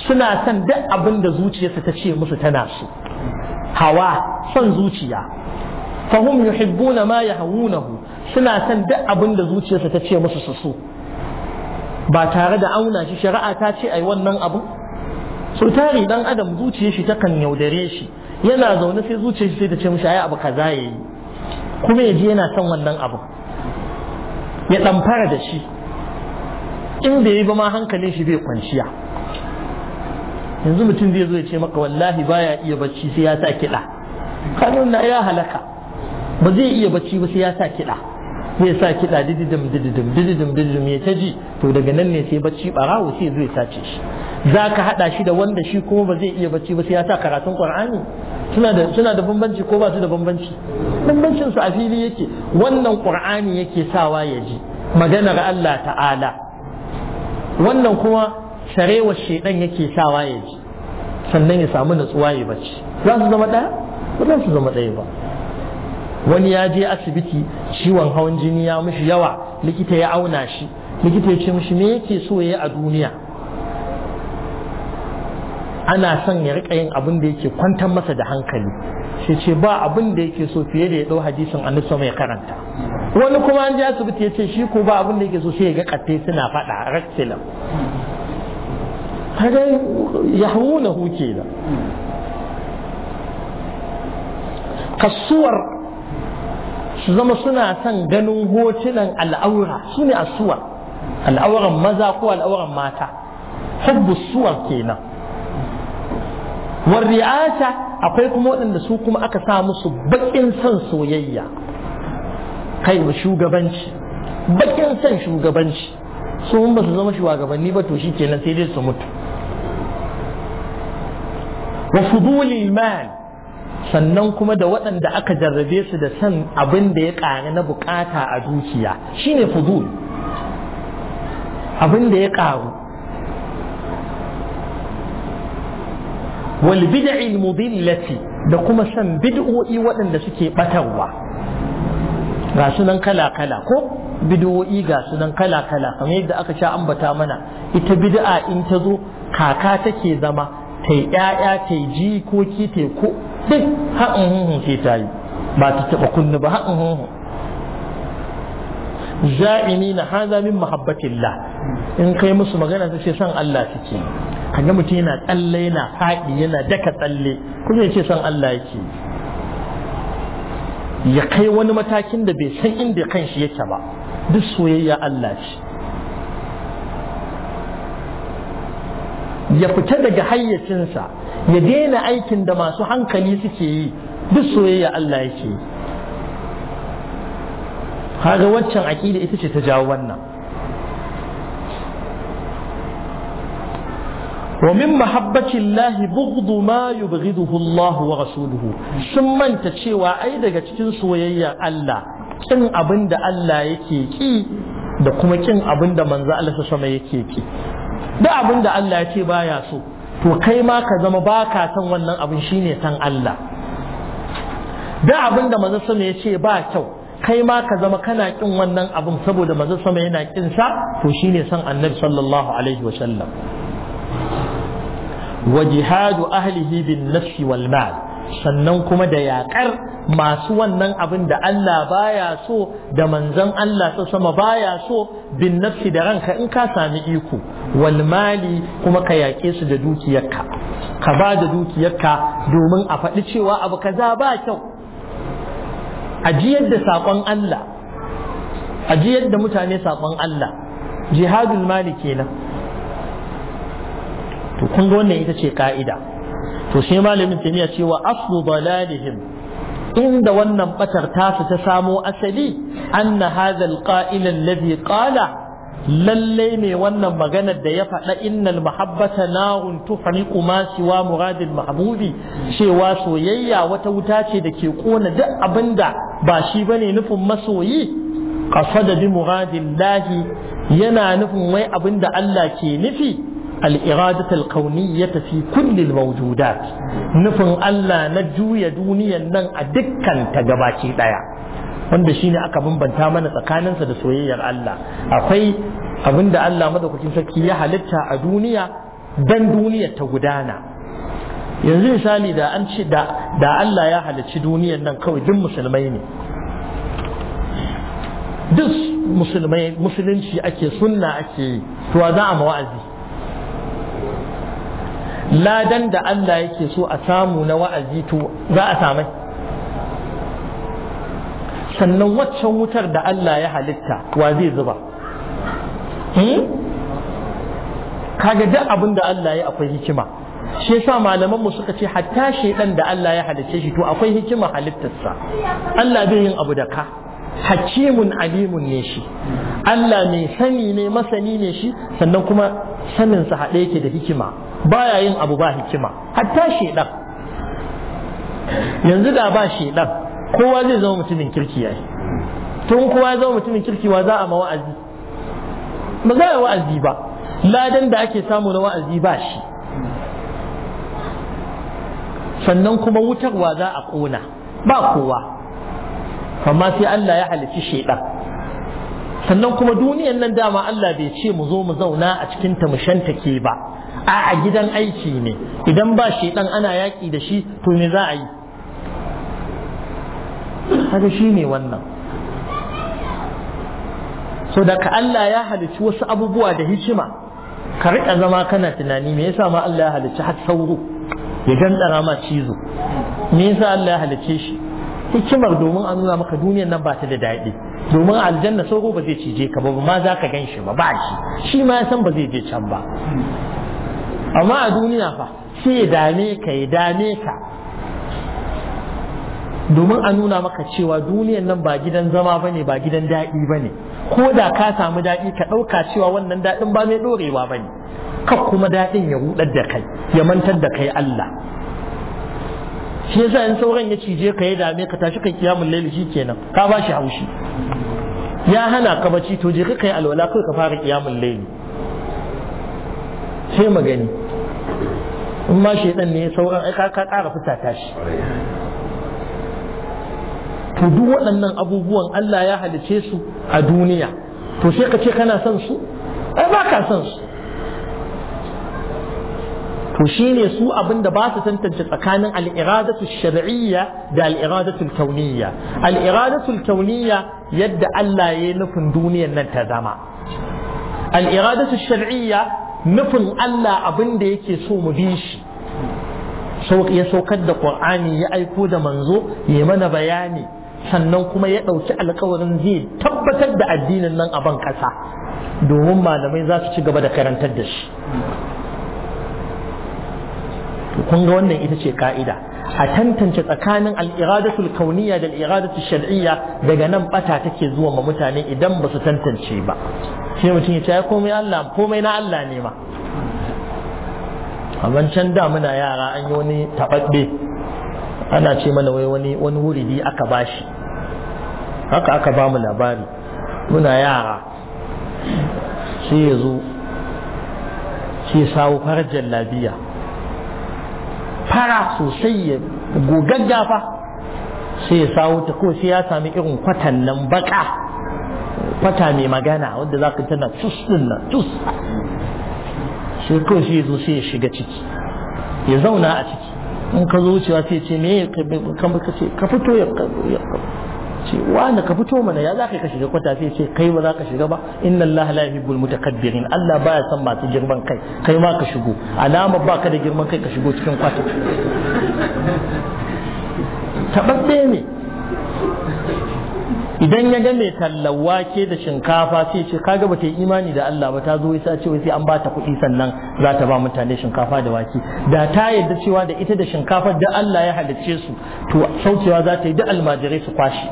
suna son duk abin da zuciyarsa ta ce musu tana so hawa son zuciya fahum yuhibbuna ma yahawunahu suna son duk abin da zuciyarsa ta ce musu su so ba tare da auna shi shari'a ta ce ai wannan abu so tari dan adam zuciyar shi takan yaudare shi yana zaune sai zuciyar shi sai ta ce mishi ai abu kaza yayi kuma yaji yana son wannan abu ya dan fara da shi in bai yi ba ma hankalin shi bai kwanciya yanzu mutum zai zo ya ce maka wallahi baya iya bacci sai ya sa kiɗa kanun ya halaka ba zai iya bacci ba sai ya sa kiɗa Zai sa kiɗa dididim dididim dididim dididim ya ta ji to daga nan ne sai bacci barawo sai zai sace shi za ka haɗa shi da wanda shi kuma ba zai iya bacci ba sai ya sa karatun ƙwar'ani suna da bambanci ko ba su da bambanci bambancin su a fili yake wannan ƙwar'ani yake sawa ya ji maganar Allah ta'ala wannan kuma sarewar shaidan yake sawa ya ji sannan ya samu natsuwa ya bacci za su zama ɗaya ba za su zama ɗaya ba wani ya je asibiti ciwon hawan jini ya mishi yawa likita ya auna shi likita ya ce mishi me yake so yayi yi a duniya ana son ya rika yin abin da yake kwantar masa da hankali sai ce ba abin da yake so fiye da ya dau hadisin annabi mai karanta wani kuma an je asibiti ya ce shi ko ba abin da yake so sai ya ga kattai suna faɗa rakilam kaga huke kenan kasuwar su zama suna son ganin hotunan al'aura su ne asuwar al'auran maza ko al'auran mata hubbu suwar kenan war ri'ata akwai kuma waɗanda su kuma aka sa musu baƙin son soyayya kai shugabanci baƙin son shugabanci su ba su zama shugabanni ba to shi kenan sai dai su mutu wa fudulil mal sannan kuma da waɗanda aka jarrabe su da san abin da ya ƙaru na bukata a dukiya shine fudul abin da ya ƙaru wal bid'il mudillati da kuma san bid'o'i waɗanda suke batarwa ga sunan kala kala ko bid'o'i ga sunan kala kala kamar yadda aka sha ambata mana ita bid'a in ta zo kaka take zama ta yi tai ta yi jikoki ta duk hain hunhun sai ta yi ba ta taɓa kunni ba haɗin hunhun za'ini na haza min mahabbatillah in kai musu magana ta ce san Allah suke kaga mutum yana tsalle yana faɗi yana daka tsalle kuma yace ce san Allah yake ya kai wani matakin da bai san inda kanshi yake ba duk soyayya Allah ce ya fita daga hayyacinsa ya daina aikin da masu hankali suke yi duk soyayya Allah yake yi kaga waccan aƙida ita ce ta jawo wannan ومن محبة الله ma ما يبغضه wa rasuluhu. sun manta cewa ai daga cikin soyayyar Allah kin abin da Allah yake ki da kuma kin abin da manzo Allah sama yake ki duk abin da Allah ya ce baya so to kai ma ka zama ba ka san wannan abin shine san Allah duk abin da manzo sama ya ce ba kyau kai ma ka zama kana kin wannan abin saboda manzo sama yana kin sa to shine san Annabi sallallahu alaihi wasallam wa jihadu ahlihi bin nafsi wal mal sannan kuma da yaƙar masu wannan abin da Allah baya so da manzon Allah ta sama baya so bin nafsi da ranka in ka sami iko wal mali kuma ka yaƙe su da dukiyarka ka ba da dukiyarka domin a faɗi cewa abu kaza ba kyau ajiyar da saƙon Allah ajiyar da mutane saƙon Allah jihadul mali kenan to kun ga wannan ita ce ka'ida to sai malamin ya cewa aslu dalalihim inda wannan batar tasu ta samo asali anna hadha alqa'il alladhi qala lalle ne wannan maganar da ya faɗa innal mahabbata narun tuhriqu ma siwa muradil mahbubi cewa soyayya wata wuta ce da ke kona duk abinda ba shi bane nufin masoyi qasada bi muradil lahi yana nufin wai abinda Allah ke nufi الإرادة الكونية في كل الموجودات نفن ألا nan a نن أدكا تجباكي دايا wanda shine aka bambanta mana tsakaninsa da soyayyar Allah akwai abinda Allah madaukakin sarki ya halitta a duniya dan duniya ta gudana yanzu misali da an ce da da Allah ya halicci duniyar nan kawai duk musulmai ne duk musulmai musulunci ake sunna ake to za a mawa'azi ladan da Allah yake so a samu na wa'azi to za a samai sannan waccan wutar da Allah ya halitta wa zai zuba hmm? kaga duk abin da Allah ya akwai hikima shi yasa malaman mu suka ce hatta shedan da Allah ya halicce shi to akwai hikima halittarsa Allah zai yin abu da ka hakimun alimun ne shi Allah mai sani ne masani ne shi sannan kuma saninsa haɗe yake da hikima baya yin abu ba hikima hatta shedan yanzu da ba shedan kowa zai zama mutumin kirki yayi tun kowa ya zama mutumin kirki wa za a ma wa'azi ba za a wa'azi ba ladan da ake samu na wa'azi ba shi sannan kuma wutarwa za a kona ba kowa amma sai Allah ya halicci shaidan sannan kuma duniyan nan dama Allah bai ce mu zo mu zauna a cikin ta mu shantake ke ba a a gidan aiki ne idan ba shaidan ana yaƙi da shi to me za a yi kaga shi ne wannan so da ka Allah ya halicci wasu abubuwa da hikima ka riƙa zama kana tunani me yasa ma Allah ya halicci har sauro ya gandara ma cizo me yasa Allah ya halicce shi hikimar domin a nuna maka duniyar nan ba ta da daɗi domin aljanna sauro ba zai cije ka ba ma za ka gan shi ba ba shi shi ma san ba zai je can ba amma a duniya fa sai ya dame ka ya dame ka domin a nuna maka cewa duniyar nan ba gidan zama bane ba gidan daɗi bane ko da ka samu daɗi ka ɗauka cewa wannan daɗin ba mai ɗorewa bane ne, kuma daɗin ya rudar da kai ya mantar da kai Allah shi yasa in sauran ya cije ka ya dame ka tashi kai kiyamul shi shikenan ka bashi haushi ya hana ka bacci to je ka kai alwala kai ka fara kiyamul laili sai magani in ma shaidan ne sauran ai ka kara fita tashi. to duk waɗannan abubuwan Allah ya halice su a duniya to sai ka ce kana son su ai ba ka son su to shine su da ba su tantance tsakanin aliradatu iradatu shar'iyya da al'iradatu iradatu kauniyya al kauniyya yadda Allah ya nufin duniyar nan ta zama aliradatu iradatu shar'iyya nufin Allah abinda yake so mu bi shi ya saukar da ƙur'ani ya aiko da manzo ya mana bayani sannan kuma ya ɗauki alkawarin zai tabbatar da addinin nan a ban ƙasa domin malamai za su ci gaba da karantar da shi kun ga wannan ita ce ka'ida a tantance tsakanin al'iradatul kauniya da al'iradatul shar'iyya daga nan bata take zuwa ma mutane idan ba su tantance ba sai mutum ya ce komai Allah komai na Allah ne ma amma can da muna yara an yi wani tabadde ana ce mana wai wani wani wuridi aka bashi haka aka ba mu labari muna yara sai ya zo sai sawo farajin labiya fara sosai ya gogaggafa sai ya sawo ta ko sai ya sami irin kwatan nan baka kwata mai magana wanda za ka tana tus din nan tus sai ko sai ya zo sai ya shiga ciki ya zauna a ciki in ka zo wucewa sai ce me ka fito ya ce wanda ka fito mana ya za ka shiga kwata sai ce kai ba za ka shiga ba inna Allah la yuhibbul mutakabbirin Allah baya son masu girman kai kai ma ka shigo alama ba ka da girman kai ka shigo cikin kwata tababbe ne idan ya ga mai tallan wake da shinkafa sai ce kaga ba ta yi imani da Allah ba ta zo ya ce sai an ba ta kuɗi sannan za ta ba mutane shinkafa da wake da ta yarda cewa da ita da shinkafa da Allah ya halicce su to saukewa za ta yi da almajirai su kwashe.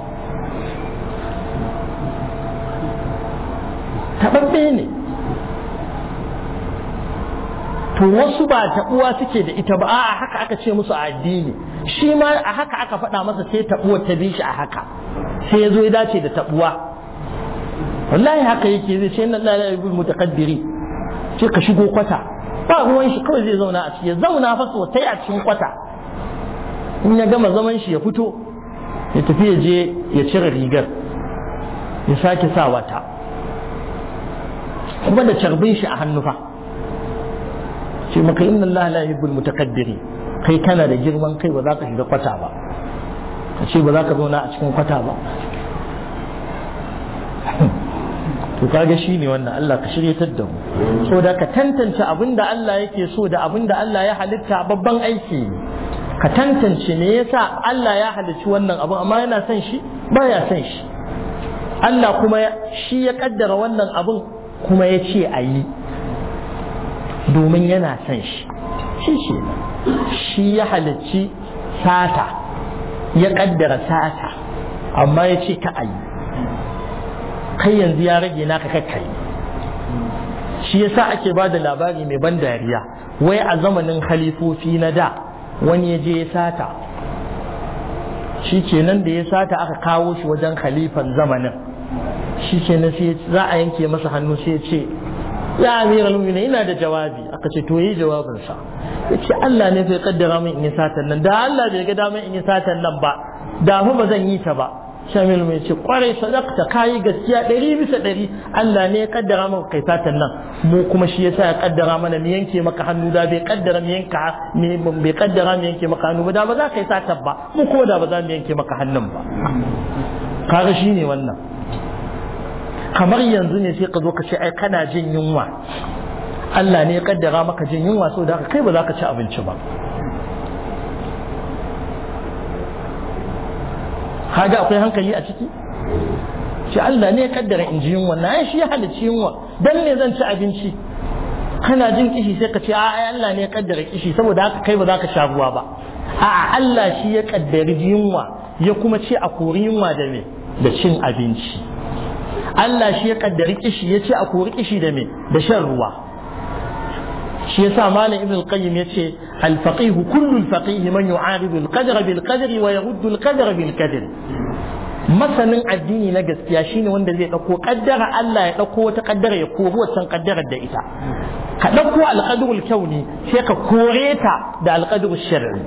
taɓaɓɓe ne to wasu ba taɓuwa suke da ita ba a haka aka ce musu a addini shi ma a haka aka faɗa masa sai taɓuwa ta bi shi a haka sai ya zo ya dace da taɓuwa wallahi haka yake zai ce nan lalai ibn mutakabbiri ce ka shigo kwata ba ruwan shi kawai zai zauna a ciki ya zauna fa sosai a cikin kwata in ya gama zaman shi ya fito ya tafi ya je ya cire rigar ya sake sa wata kuma da carbin shi a hannu fa ce maka inna Allah la yuhibbul mutakabbiri kai kana da girman kai ba za ka shiga kwata ba ka ce ba za ka zauna a cikin kwata ba to kaga shi ne wannan Allah ka shiryatar da mu so da ka tantance abin da Allah yake so da abin da Allah ya halitta babban aiki ne ka tantance me yasa Allah ya halicci wannan abu amma yana son shi baya son shi Allah kuma shi ya kaddara wannan abun kuma ya ce a yi domin yana son shi shi shi shi ya halarci sata ya kaddara sata amma ya ce ka a yi kai yanzu ya rage naka kakkai shi ya sa ake ba da labari mai ban dariya wai a zamanin halifofi na da wani ya je ya sata shi kenan da ya sata aka kawo shi wajen khalifan zamanin shi ke na za a yanke masa hannu sai ce ya amir al-mu'mina ina da jawabi aka ce to yi jawabinsa ya ce Allah ne bai kaddara min in yi satan nan da Allah bai ga damar in yi satan nan ba da mu ba zan yi ta ba shamil mai ce kwarai sadakta kayi gaskiya ɗari bisa ɗari Allah ne ya kaddara maka kai satan nan mu kuma shi yasa ya kaddara mana mu yanke maka hannu da bai kaddara mu yanka ne bai kaddara mu yanke maka hannu ba da ba za ka yi satan ba mu kuma da ba za mu yanke maka hannun ba kaga shine wannan kamar yanzu ne sai ka zo ka ce ai kana jin yunwa Allah ne ya kaddara maka jin yunwa so da kai ba za ka ci abinci ba haga akwai hankali a ciki ce Allah ne ya kaddara in ji yunwa na shi ya halici yunwa dan ne zan ci abinci kana jin kishi sai ka ce a Allah ne ya kaddara kishi saboda haka kai ba za ka sha ruwa ba a'a Allah shi ya kaddari yunwa ya kuma ce a kori yunwa da me da cin abinci Allah shi ya kaddari kishi ya ce a kori kishi da me da shan ruwa shi yasa malam ibn qayyim ya ce al-faqih kullu al-faqih man yu'aridu al-qadr bil qadri wa yaruddu al-qadr bil qadr masanin addini na gaskiya shine wanda zai dauko kaddara Allah ya dauko wata kaddara ya kori wancan kaddarar da ita ka dauko al-qadrul kauni sai ka kore ta da al-qadrul shar'i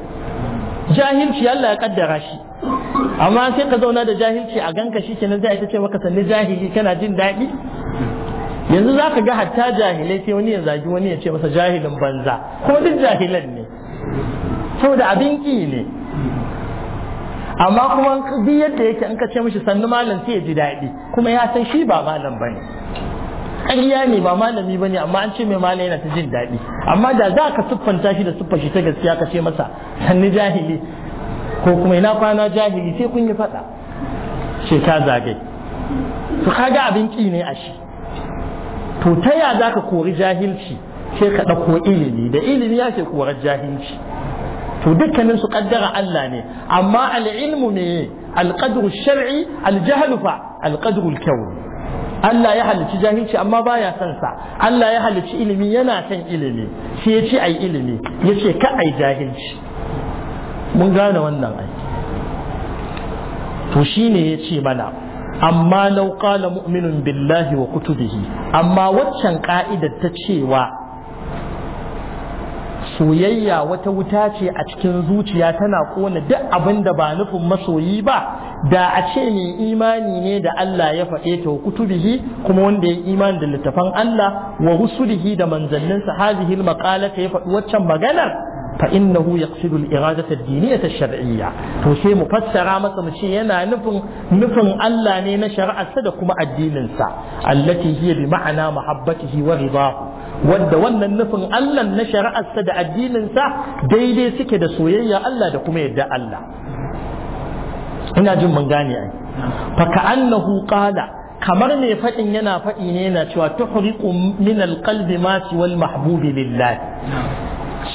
jahilci Allah ya kaddara shi amma sai ka zauna da jahilci a ganka shi kenan za a ita ce maka sanni jahili kana jin daɗi yanzu za ka ga hatta jahilai sai wani ya zagi wani ya ce masa jahilin banza ko duk jahilan ne saboda abin ki ne amma kuma bi yadda yake an ka ce mishi sannu malam sai ya ji daɗi kuma ya san shi ba malam bane ƙarya ne ba malami ba ne amma an ce mai malam yana ta jin daɗi amma da za ka siffanta shi da siffa shi ta gaskiya ka ce masa sannu jahili ko kuma ina kwana jahili sai kun yi faɗa ce ta zagai su kaga abin ki ne a shi to ta ya za ka kori jahilci sai ka ɗauko ilimi da ilimi ya ke korar jahilci to dukkanin su kaddara Allah ne amma al'ilmu ne alƙadru shar'i aljahalu fa alƙadru kyau Allah ya halicci jahilci amma baya son sa Allah ya halicci ilimi yana son ilimi sai ya ce ai ilimi ya ce ka ai jahilci mun gane wannan ai to shine ya ce mana amma lau qala mu'minun billahi wa kutubihi amma waccan ka'idar ta cewa soyayya wata wuta ce a cikin zuciya tana kona duk abin da ba nufin masoyi ba da a ce mai imani ne da Allah ya faɗe ta wa kutubihi kuma wanda ya imani da littafan Allah wa rusulihi da manzannin hazihil maqala ka ya faɗi waccan maganar فإنه يقصد الإرادة الدينية الشرعية توشي مفسرة مثلا شيء أنا نفن نفن ألا نين شرع كما الدين انسى التي هي بمعنى محبته ورضاه wadda wannan nufin Allah na shari'arsa da sa daidai suke da soyayya Allah da kuma yadda Allah ina jin mun gane ai fa kamar ne faɗin yana faɗi ne yana cewa tuhriqu min alqalbi ma siwal mahbubi lillahi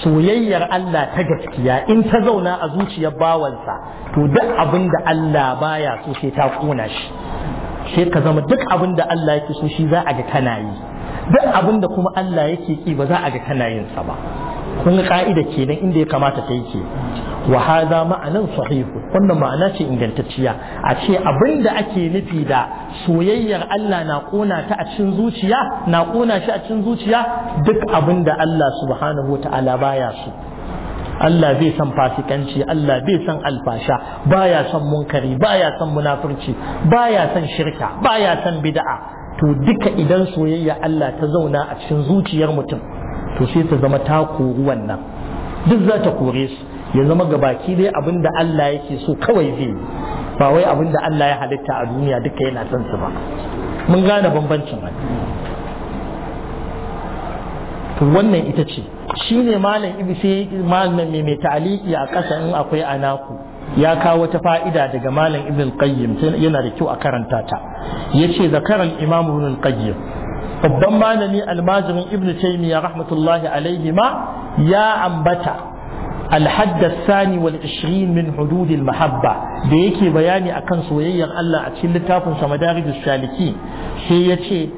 soyayyar Allah ta gaskiya in ta zauna a zuciyar bawansa to duk abin da Allah baya so sai ta kona shi sai ka zama duk abin da Allah yake so shi za a ga kana yi duk abin da kuma Allah yake ki ba za a ga kana yin sa ba kun ka'ida kenan inda ya kamata ta yi ke wa hada ma'anan sahihu wannan ma'ana ce ingantacciya a ce abinda ake nufi da soyayyar Allah na kona ta a cikin zuciya na kona shi a cikin zuciya duk abinda Allah subhanahu wata'ala baya su. Allah bai san fasikanci Allah bai san alfasha baya san munkari baya san munafurci baya san shirka baya san bid'a to duka idan soyayya Allah ta zauna a cikin zuciyar mutum to sai ta zama ta koru wannan duk za ta kore su ya zama gabaki dai abinda da Allah yake so kawai zai ba wai abinda Allah ya halitta a duniya duka yana son su ba mun gane bambancin to wannan ita ce shine malam ibi sai malam mai mai ta'aliki a ƙasa in akwai anaku ya kawo wata fa'ida daga malam ibn qayyim yana da kyau a karanta ta yace zakaran imam ibn qayyim babban malami almajirin ibn taymiyyah rahmatullahi alaihi ma ya ambata الحد الثاني والعشرين من حدود المحبة بيكي بياني أكن سويا الله أتشل تافن سمدارج السالكين sai yace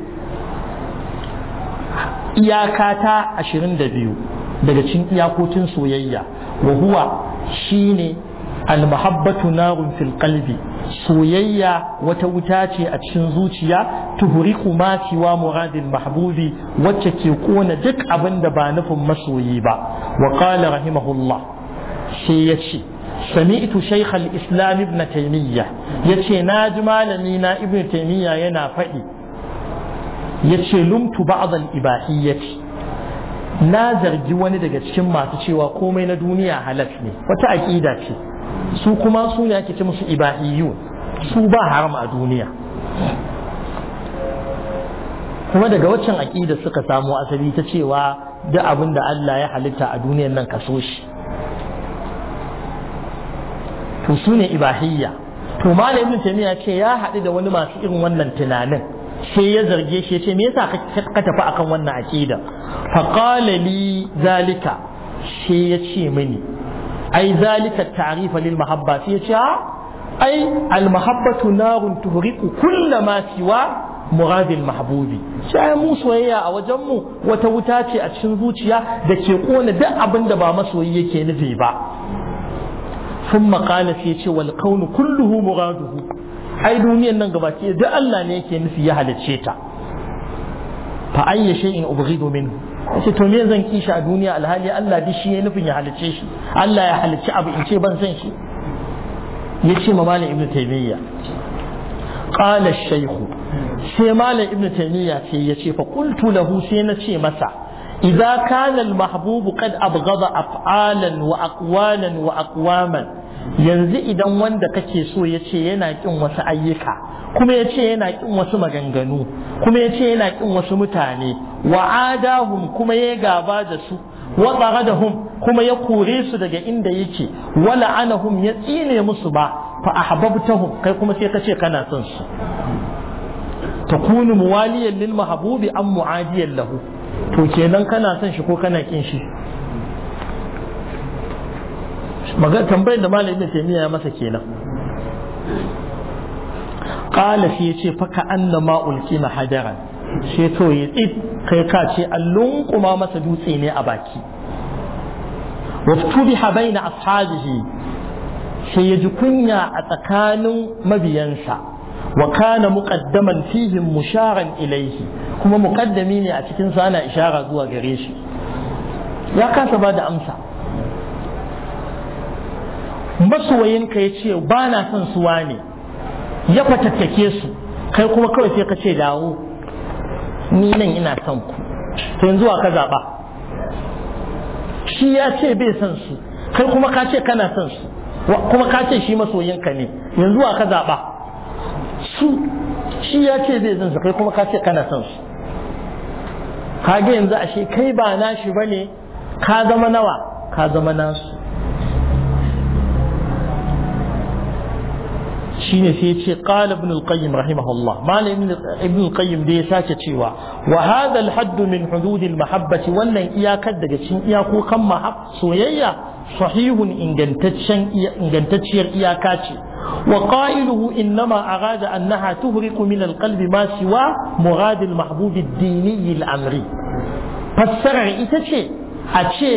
iyakata ashirin da biyu daga cikin iyakokin soyayya wa shine al-mahabbatu narun soyayya wata wuta ce a cikin zuciya tuhuriku ma siwa muradin mahbubi wacce ke kona duk abin da ba nufin masoyi ba wa qala rahimahullah sai ya ce sami'tu shaykh al-islam ibn taymiyyah yace na ji malami na ibn taymiyyah yana faɗi yace lumtu ba'd al-ibahiyyati na zargi wani daga cikin masu cewa komai na duniya halal ne wata aƙida ce su kuma su ne ake ce musu ibahiyu, su ba haram a duniya kuma daga waccan aƙida suka samu asali ta cewa duk abin da Allah ya halitta a duniyan nan kaso shi to su ne ibahiyya to malam ibn taymiya ce ya haɗu da wani masu irin wannan tunanin sai ya zarge shi ce me yasa ka tafi akan wannan aƙida? fa qala li zalika sai ya ce mini ai zalika ta'rifa lil mahabba sai ce ai al mahabbatu narun tuhriqu kull ma siwa muradil mahbubi sai mu soyayya a wajen mu wata wuta ce a cikin zuciya da ke kona duk abin da ba masoyi yake nufi ba ثم ce wal والكون kulluhu muraduhu. ai duniyan nan gabaki da Allah ne yake nufi ya halicce ta fa ayya shay'in ubghidu minhu ce to me zan kishi a duniya alhali Allah duk shi ya nufin ya halice shi Allah ya halice abu in ce ban san shi ya ce ma malam ibnu taymiya qala shaykhu sai malam ibnu taymiya ce ya ce fa qultu lahu sai na ce masa إذا كان المحبوب قد wa أفعالا wa وأقواما yanzu idan wanda kake so ya ce yana ƙin wasu ayyuka kuma yace yana ƙin wasu maganganu kuma yace yana ƙin wasu mutane wa'adahum kuma ya gaba da su wa hum kuma ya kore su daga inda yake wala anahum ya tsine musu ba fa ahbabtahum kai kuma sai kace kana son su takunu muwaliyan lil mahbubi am mu'adiyan lahu to kenan kana son shi ko kana kin shi magana tambayar da malam ibn taymiya ya masa kenan qala shi yace fa ka ma ulqima hajaran sai to yi tsit kai ka ce allun kuma masa dutse ne a baki waftubiha baina ashabihi sai ya ji kunya a tsakanin mabiyansa wa kana muqaddaman fihim musharan ilayhi kuma muqaddami ne a cikin sa ana ishara zuwa gare shi ya kasa ba da amsa masoyinka ya ce ba na son su wane ya fatattake su kai kuma kawai sai ka ce dawo ni nan ina son ku to yanzu wa ka zaɓa shi ya ce bai son su kai kuma ka ce kana son su kuma ka ce shi masoyinka ne yanzu wa ka zaɓa su shi ya ce zai zinsa kai kuma ka kana son su kage yanzu ashe kai ba nashi ne ka zama nawa ka zama nasu shine sai ce ƙala ibn al-qayyim rahimahullah malam ibn al-qayyim da ya sace cewa wa hadha al-hadd min hudud al-mahabbati wannan iyakar daga cikin iyakokan soyayya sahihun ingantacciyar iyaka ce wa qailuhu innama araja annaha tuhriqu min alqalbi ma siwa murad almahbub ad-dini al-amri fassarar ita ce a ce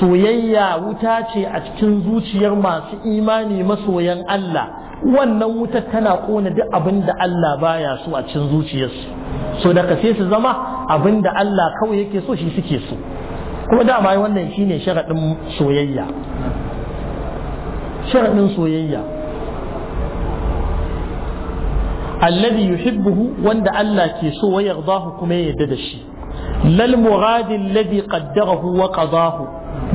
soyayya wuta ce a cikin zuciyar masu imani masoyan Allah wannan wuta tana kona duk abin da Allah baya so a cikin zuciyarsu so daga sai su zama abin da Allah kawai yake so shi suke so kuma dama wannan shine sharaɗin soyayya sharaɗin soyayya alladhi yuhibbuhu wanda Allah ke so wa yardahu kuma ya yarda da shi lal muradi alladhi qaddarahu wa qadahu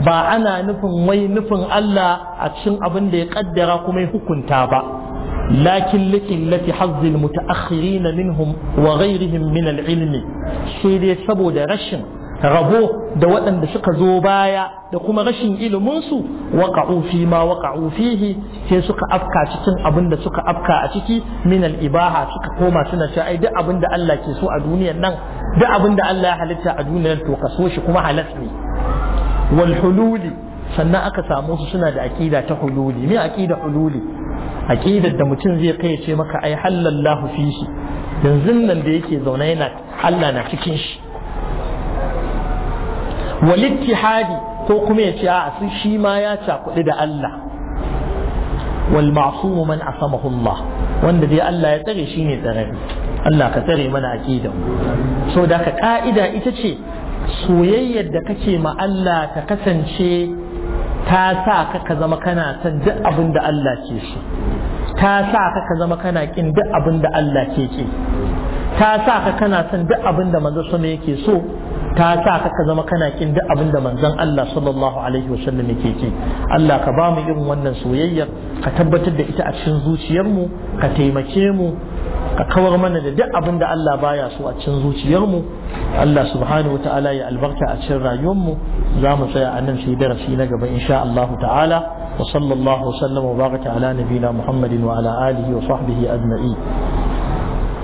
ba ana nufin wai nufin Allah a cikin abin da ya kaddara kuma ya hukunta ba lakin liqillati hazzil muta'akhirina minhum wa ghayrihim min al-ilmi sai dai saboda rashin rabo da waɗanda suka zo baya da kuma rashin iliminsu waƙa'u fi ma waƙa'u fihi sai suka afka cikin abin da suka afka a ciki minal ibaha suka koma suna cewa ai duk abin da Allah ke so a duniyar nan duk abin da Allah ya halitta a duniyar to ka so shi kuma halas ne wal hululi sannan aka samu su suna da aƙida ta hululi me aƙida hululi aƙidar da mutum zai kai ce maka ai halallahu fihi yanzu nan da yake zaune yana Allah na cikin shi walittihadi ko kuma ya ce a shi ma ya cakuɗi da Allah wal ma'sumu man asamahu Allah wanda dai Allah ya tsare shi ne tsarari Allah ka tsare mana aqidan so da ka ka'ida ita ce soyayyar da kake ma Allah ta kasance ta sa ka ka zama kana son duk abin da Allah ke so ta sa ka ka zama kana kin duk abin da Allah ke ki ta sa ka kana son duk abin da manzo sama yake so ta sa ka zama kana kin duk abin da manzon Allah sallallahu alaihi wasallam yake ki Allah ka ba mu irin wannan soyayya ka tabbatar da ita a cikin zuciyarmu ka taimake mu ka kawar mana da duk abin da Allah baya so a cikin zuciyarmu Allah subhanahu ta'ala ya albarka a cikin rayuwarmu za mu tsaya a nan sai darasi na gaba insha Allah ta'ala wa sallallahu sallama wa baraka ala nabiyina Muhammadin wa ala alihi wa sahbihi ajma'in